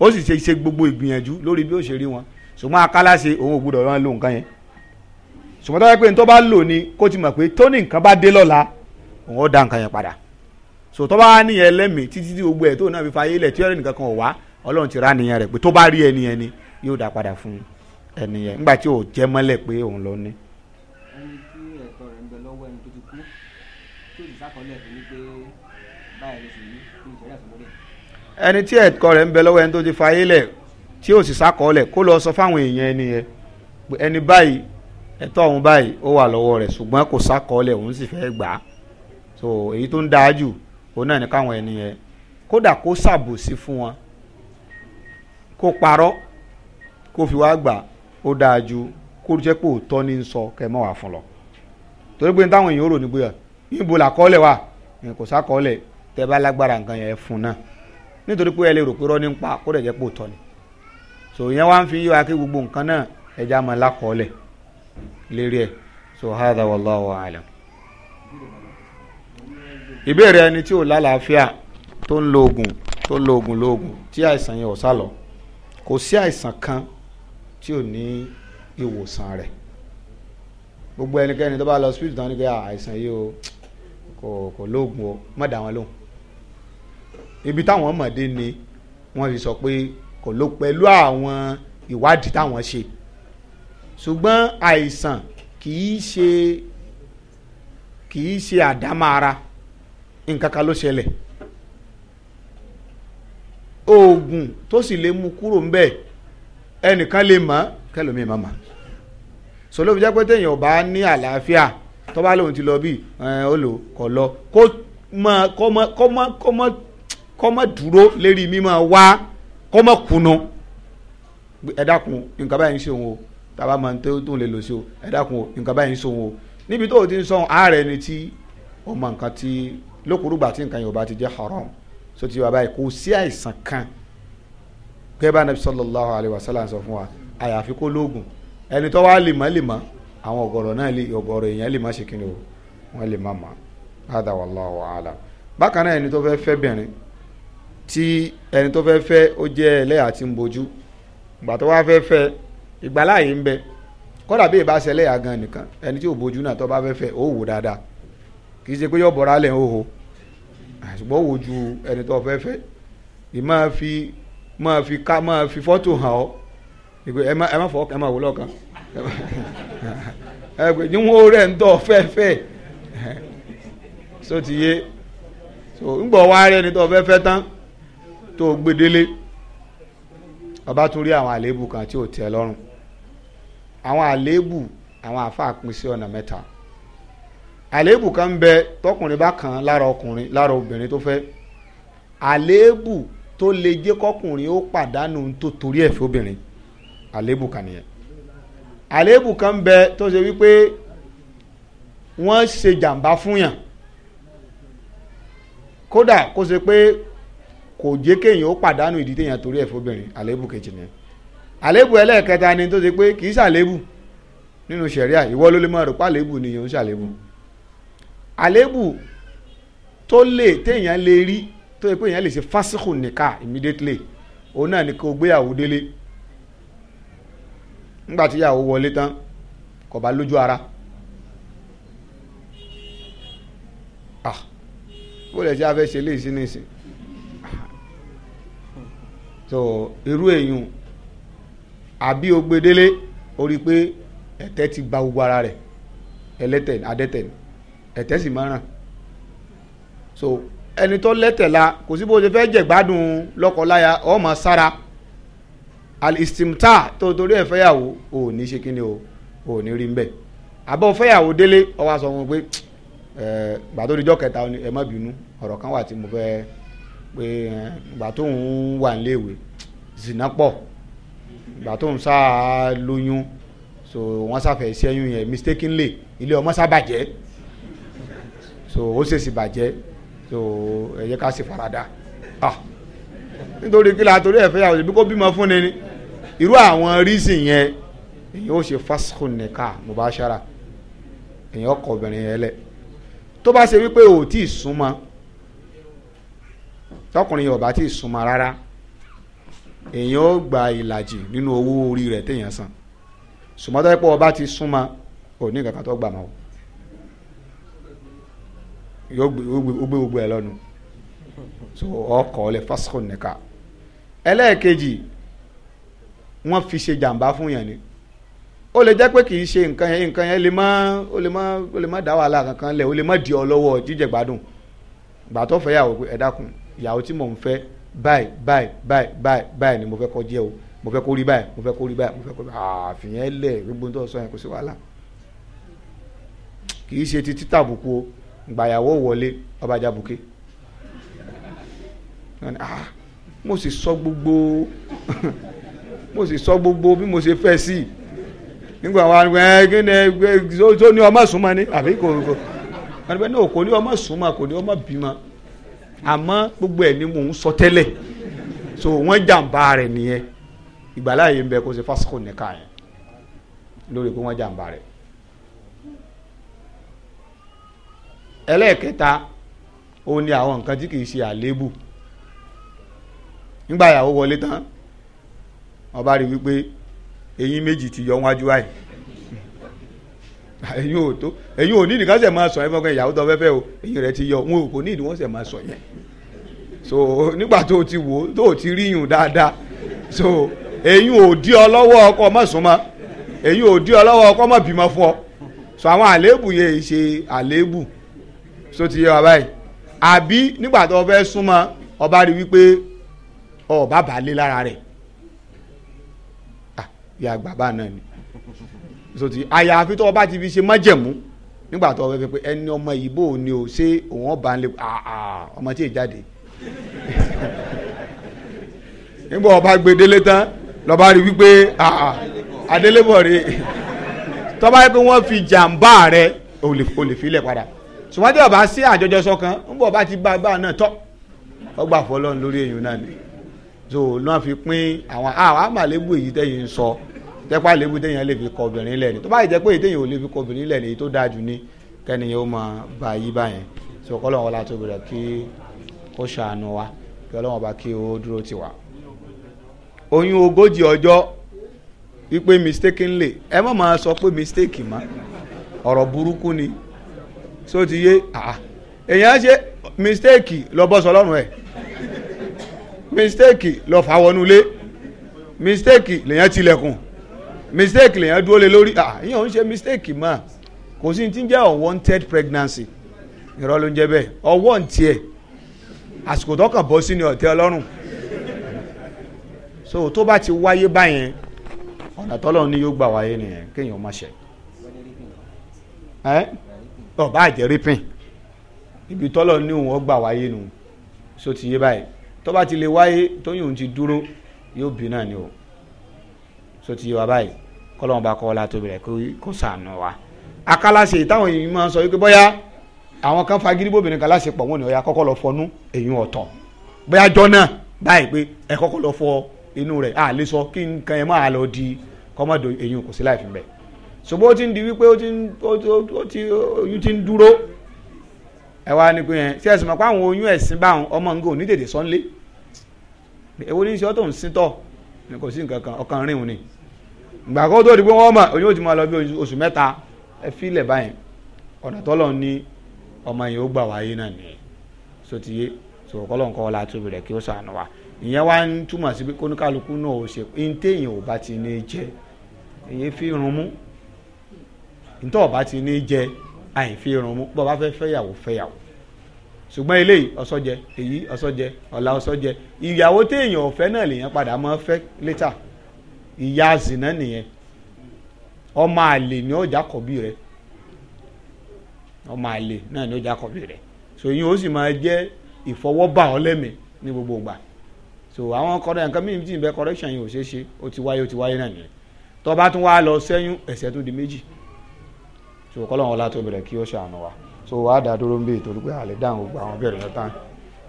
[SPEAKER 1] ó sì ṣe ṣe gbogbo ìgbìyànjú lórí bí ó ṣe rí wọn ṣùgbọ́n akálàṣe òun ò gbúdọ̀ wọn lo nǹkan yẹn ṣùgbọ́n tó yẹ pé tó bá lò ní kó ti mọ̀ pé tó ní nǹkan bá dé lọ́la òun ó dá nǹkan yẹn padà so tó bá níyẹn lẹ́mìí títí tí gbogbo ẹ̀ tó náà fi fa ayé lẹ̀ tí ọ̀rẹ́ nìkan kan ò wá ọlọ́run ti rá nìyẹn rẹ̀ pé tó bá rí ẹni yẹn ni yóò dá padà fún ẹnìyẹn nígbà tí ò mọ́lẹ̀ pé òun lọ ní. ẹni tí ẹ̀kọ́ rẹ̀ ń bẹ lọ́wọ́ ẹni tó ti kú tí ó sì sákọ̀ọ́lẹ̀ fún mi pé báyìí ló sì kí fún ẹni tí ẹ̀kọ́ rẹ̀ ń bẹ lọ́wọ́ ẹni tó ti fa ayé lẹ̀ tí ó sì kó lọ sọ fáwọn èèyàn ẹni ẹni báyìí ẹ̀tọ́ òun báyìí ó wà lọ́wọ́ rẹ̀ sì kó fi wá gbà ó dáa ju kó jẹ́ pé òótọ́ ní sọ kẹ́ mọ́ fún lọ. torí pé táwọn èèyàn rò ní bóyá níbo làkọọ́lẹ̀ wà kò sákọọ́lẹ̀ tẹ́ bá lágbára nǹkan yẹn fún náà nítorí pé ẹ lè rò ni. so ìyẹn wá ń fi kí gbogbo nǹkan náà ẹja máa so hadha ala. ìbéèrè ẹni tí ò lálàáfíà tó ń lo oògùn tó ń lo oògùn lo oògùn tí àìsàn yẹn ò sá tí ò ní ìwòsàn rẹ̀ gbogbo ẹnikẹ́ni tó bá lọ hospital tán ni pé àìsàn yìí o kò kò lóògùn o má dá wọn lóhùn ibi táwọn mọ̀dé ni wọ́n fi sọ pé kò ló pẹ̀lú àwọn ìwádìí táwọn ṣe ṣùgbọ́n àìsàn kì í ṣe kì í ṣe àdámára nǹkan kan ló ṣẹlẹ̀ oògùn tó sì lè mú kúrò ń bẹ́ẹ̀ ẹnìkan lè mọ̀ kẹlòmíì má mọ̀ sọlọ́ fi jẹ́ pé téèyàn ò bá ní àlàáfíà tó bá lóun ti lọ bí ó lò kọ̀ lọ kó mọ̀ kó mọ̀ kó mọ̀ kó mọ̀ kó mọ̀ dúró lérí mímọ̀ wá kó mọ̀ kùnú ẹ dákun nǹkan báyìí ń ṣe òun o tàbá máa ń tó tóun lè lò sí o ẹ nǹkan báyìí ń ṣe òun o níbi tó o ti ń sọ ààrẹ ni tí ó nǹkan tí lókùrúgbà tí nǹkan yóò bá ti jẹ́ haram so ti wà báyìí kò sí àìsàn kan gẹ́gẹ́ bá anabi sallallahu alayhi wa sallam sọ fún wa àyàfi kó lóògùn ẹni tó wá lè má lè má àwọn ọ̀gọ̀rọ̀ náà lè ọ̀gọ̀rọ̀ èèyàn lè má ṣe kíni o wọ́n lè má má hada wallahu alam bákan náà ẹni tó fẹ́ fẹ́ bìnrin tí ẹni tó fẹ́ fẹ́ ó jẹ́ ẹlẹ́yà tí ń bojú ìgbà tó wá fẹ́ fẹ́ ìgbàláyé ń bẹ kódà bí ìbá ṣẹlẹ̀ yà gan nìkan ẹni tí ò bójú náà tó bá fẹ́ fẹ́ ó wò dáadáa kì í ṣe pé yọ bọ̀rọ̀ alẹ́ ń hòhò ṣùgbọ́n wò ju ẹni tó fẹ́ fẹ́ ì máa fi ká máa fi fọ́tò hàn ọ́ ẹ má ẹ má fọ́ ẹ má wò lọ́kàn ẹ pé níwọ̀n rẹ̀ ń tọ̀ fẹ́fẹ́ so ti yé so ńgbọ̀ wá rẹ̀ ní tọ̀ fẹ́fẹ́ tán tó gbedele ọba tún àwọn àléébù kan tí ò lọ́rùn àwọn àléébù àwọn àfa ọ̀nà mẹ́ta àléébù kan bẹ tọkùnrin bá kàn lára ọkùnrin lára obìnrin tó fẹ́ àléébù tó lè jẹ́ kọkùnrin ó pàdánù tó torí ẹ̀ fóbìnrin àléébù kan nìyẹn àléébù kan ń bẹ tó ṣe wípé wọ́n ṣe jàǹbá fún yàn kódà kó ṣe pé kò jẹ́ kéèyàn ó pàdánù ìdí téèyàn torí ẹ̀ fóbìnrin àléébù kejì nìyẹn àléébù ẹlẹ́ẹ̀kẹta ni tó ṣe pé kì í ṣàléébù nínú ṣẹ̀ríà ìwọ ló lè máa rò pé àléébù ni yòó ṣàléébù àléébù tó lè téèyàn lè rí tó yẹ pé èèyàn lè ṣe fásikù nìka immediately òun náà ni kó gbéyàwó délé nígbà tí ìyàwó wọlé tán kò bá lójú ara ah bó lè ṣe afẹ́ ṣe léyìí sí nísìn so irú èèyàn àbí o gbé pé ẹ̀tẹ̀ ti gba gbogbo ara rẹ̀ ẹlẹ́tẹ̀ adẹ́tẹ̀ ẹ̀tẹ̀ sì máa ràn so ẹni tó lẹ́tẹ̀la kò sí bó ṣe fẹ́ jẹ̀gbádùn lọ́kọláya ọmọ sára alistimta tó torí ẹ̀ fẹ́yàwó ò ní ṣe kíni o ò ní rí mbẹ́ àbọ̀ fẹ́yàwó délé ọwọ́ aṣọ wọn pé gbà tó di kẹta ẹ má bínú ọ̀rọ̀ kan wà tí mo fẹ́ pé gbà tó ń wà níléèwé zina pọ̀ gbà tó sáà lóyún so wọ́n sáfẹ́ sẹ́yìn yẹn mistakenly ilé ọmọ sábàjẹ́ so ó ṣèṣì bàjẹ́ so ẹ jẹ́ ká sì farada ah nítorí kí la torí ẹ̀ fẹ́ yàwó ṣe bí kò bímọ fún ni ni irú àwọn rísì yẹn èyàn ó ṣe fásikò nìka mubashara èyàn ọkọ obìnrin yẹn lẹ tó bá ṣe wípé ò tí ì súnmọ́ tọkùnrin yẹn ò bá tí ì súnmọ́ rárá èyàn ó gba ìlàjì nínú owó orí rẹ̀ téèyàn san sùmọ́tọ́ pé ọba ti súnmọ́ ò ní kankan tó gbà mọ́ o yóò gbé gbogbo ẹ lọ́nu so ọkọ̀ lẹ fásikò nìka ẹlẹ́ẹ̀kejì wọ́n fi ṣe jàǹbá fún yẹn ni ó lè jẹ́ pé kì í ṣe nǹkan yẹn nǹkan yẹn lè má ó lè má ó lè má dá wàhálà kankan lẹ̀ ó lè má di ọ lọ́wọ́ jíjẹ gbádùn gbà tó fẹ́ yàwó ẹ dákun ìyàwó tí mò ń fẹ́ báyìí báyìí báyìí báyìí báyìí ni mo fẹ́ kó jẹ́ o mo fẹ́ kó rí báyìí mo fẹ́ kó rí báyìí mo fẹ́ kó rí báyìí àfihàn lẹ̀ gbogbo tó sọ yẹn kò sí wàhálà kì í ṣe ti títàbùkù o gbàyàwó wọlé ọba jabuke ah, mo sì sọ gbogbo mo sì sọ gbogbo bí mo ṣe fẹ́ sí i nígbà wọn ẹ eh, kí ni tó eh, ní ọmọ súnmọ́ ni àbí kò kò wọn bẹ ní o kò ní ọmọ súnmọ́ kò ní ọmọ bímọ àmọ́ gbogbo ẹ̀ ni mò ń sọ tẹ́lẹ̀ so wọ́n jàǹbá rẹ̀ nìyẹn ìgbàláyé ń bẹ kó ṣe fásikò nìka yẹn lórí pé wọ́n jàǹbá rẹ̀. ẹlẹ́ẹ̀kẹta ó ní àwọn nǹkan tí kìí ṣe àléébù nígbà ìyàwó wọlé tán ọba rí wípé eyín méjì ti yọ wájú àì (laughs) eyín ò tó eyín ò ní nìkan ṣe máa sọ ẹ fọkàn ìyàwó tó fẹ́fẹ́ o eyín rẹ ti yọ wọn ò kò ní ìdí ṣe máa sọ yẹn so nígbà tó ti wò tó ti rí yùn dáadáa so eyín ò dí ọ lọ́wọ́ ọkọ má súnmọ́ eyín ò dí ọ lọ́wọ́ ọkọ má bímọ fún ọ so àwọn àléébù yẹn ṣe àléébù so ti yé wa báyìí àbí nígbà tó fẹ́ súnmọ́ ọba rí wípé ọba bàálé lára rẹ̀ bí ah, àgbà bá náà ni so ti àyàfi tó ọba ti fi ṣe májẹ̀mú nígbà tó ọba fẹ́ pé ẹni ọmọ yìí ni o ṣé òun ọba ń lè ah, ah, ọmọ tí ì jáde (laughs) nígbà ọba gbedele tán lọba rí wípé adélébọ̀ rè tọ́ba yẹ pé wọ́n fi jàǹbá rẹ̀ o lè filẹ̀ padà. ṣùgbọ́n ọba sí àjọjọsọ kan ń bọ̀ bá ti bá bá náà tọ́ ọgbà fọlọ́run lórí èyàn náà ni so náà fi pín àwọn àwọn àmàlébù èyí tẹ̀yìn ń sọ tẹ́pá àlébù tẹ̀yìn lè fi kọ obìnrin ni tó bá yìí jẹ́ pé èyí tẹ̀yìn ò lè fi kọ èyí tó dáa jù ní máa yí báyẹn so kí ṣàánú wa kí kí ó dúró wá. oyún ogójì ọjọ́ wípé ẹ má máa sọ pé mistake ọ̀rọ̀ burúkú ni so ti yé ah. èyàn ṣe mistake lọ bọ́ sọlọ́run ẹ̀ mistake lọ fà wọnú lé mistake lèyàn tilẹ̀kùn mistake lèyàn dúró lé lórí ah, ìyẹn ò ń ṣe mistake mà kò sí ti ń jẹ́ unwanted pregnancy irọ́ ló ń jẹ́ bẹ́ẹ̀ ọwọ́ ń tiẹ̀ àsìkò tó kàn bọ́ sí ni ọ̀tẹ́ ọlọ́run so tó bá ti wáyé báyẹn ọ̀nà tọ́lọ́run ni yóò gbà wáyé nìyẹn kéèyàn má ṣe ọba àjẹrí pin ibi tọ́lọ̀ ní òun ọgbà wáyé nù so ti yé báyìí tọ́ba ti lè wáyé tóyún òun ti dúró yóò bí náà ni o so ti yé wa báyìí kọ́lọ́mù bá kọ́ ọ́lá tóbi rẹ̀ kó sànù wa akálàṣe táwọn èèyàn máa ń sọ wípé bóyá àwọn kan fagídí bóbìnrin kan láṣepọ̀ wọn ni ọ̀ya kọ́kọ́ lọ fọnú èyún ọ̀tọ̀ bóyá jọ náà báyìí pé ẹ kọ́kọ́ lọ fọ inú rẹ̀ àlesọ kí nǹkan ẹ máa lọ di kọ́mọ́dọ̀ èyún kò sí láì fi bẹ́ẹ̀ ṣùgbọ́n ó ti ń di wípé ó ti ń ó ti oyún ti ń dúró ẹ wá ní pé yẹn tí ẹ sì mọ̀ pé àwọn oyún ẹ̀sìn báwọn ọmọ nǹkan ò ní tètè sọ́nlé èwo ní sọ́tò ń síntọ̀ ni kò sí nǹkan kan ọkàn rìn òun ni ìgbà kan tó di pé wọ́n mọ̀ oyún ó ti máa lọ bí oṣù mẹ́ta ẹ fílẹ̀ báyìí ọ̀nà tọ́lọ̀ ní ọmọ yìí ó gbà wáyé náà nìyẹn sotiye sòkòlò nǹkan ọ̀la tóbi rẹ̀ kí ó sànù wa ìyẹn wá ń túmọ̀ sí pé kóníkàlùkù náà ò ṣe ní téèyàn ò bá ti ní jẹ èyí fi rún mú ntọ́ ọba ti ní jẹ àyìnfi irun mú bọ́ba fẹ́ fẹ́yàwó fẹ́yàwó ṣùgbọ́n eléyìí ọ̀sọ́jẹ èyí ọ̀sọ́jẹ ọ̀la ọ̀sọ́jẹ ìyàwó téèyàn ọ̀fẹ́ náà lèèyàn padà máa fẹ́ létà ìyá zìnà nìyẹn ọmọ àlè ni ọjà kọ̀bí rẹ ọmọ àlè náà ni ọjà kọ̀bí rẹ so yín ó sì máa jẹ́ ìfọwọ́bà ọlẹ́mì ní gbogbo ìgbà so àwọn kọ́ra nǹkan mímu tí ìbẹ́ correction yìí ò ṣeé ṣe ó ti wáyé ó ti wáyé náà nìyẹn tó bá tún wá lọ sẹ́yún ẹ̀sẹ̀ tó di méjì so kọ́lọ́n ọlá tóbi rẹ̀ kí ó ṣàánú wa so wàá dá dúró ń bí torí pé àlè dáhùn gbogbo àwọn bẹ̀rẹ̀ yẹn tán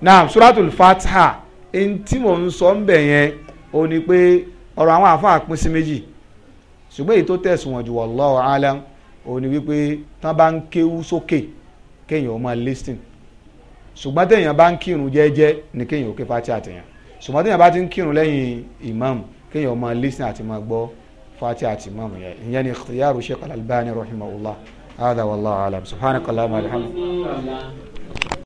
[SPEAKER 1] náà suratul fatiha ẹni tí mò ń sọ ń bẹ̀ yẹn ó ní pé ọ̀rọ̀ àwọn àfáà pín sí méjì ṣùgbọ́n èyí tó tẹ̀sùn wọn jù wallahu alam ó ní wípé tán bá ń kéwú sókè kéèyàn ó máa listen ṣùgbọ́n téèyàn bá ń kírun jẹ́ẹ́jẹ́ ni kéèyàn ó ké fatiha tèèyàn ṣùgbọ́n téèyàn bá ti ń kírun lẹ́yìn imam kéèyàn ó máa listen àti máa gbọ́ fatiha àti imam yẹn ìyẹn ni ikhtiyaru Sheikh Al-Albani rahimahullah هذا والله أعلم سبحانك اللهم
[SPEAKER 2] وبحمدك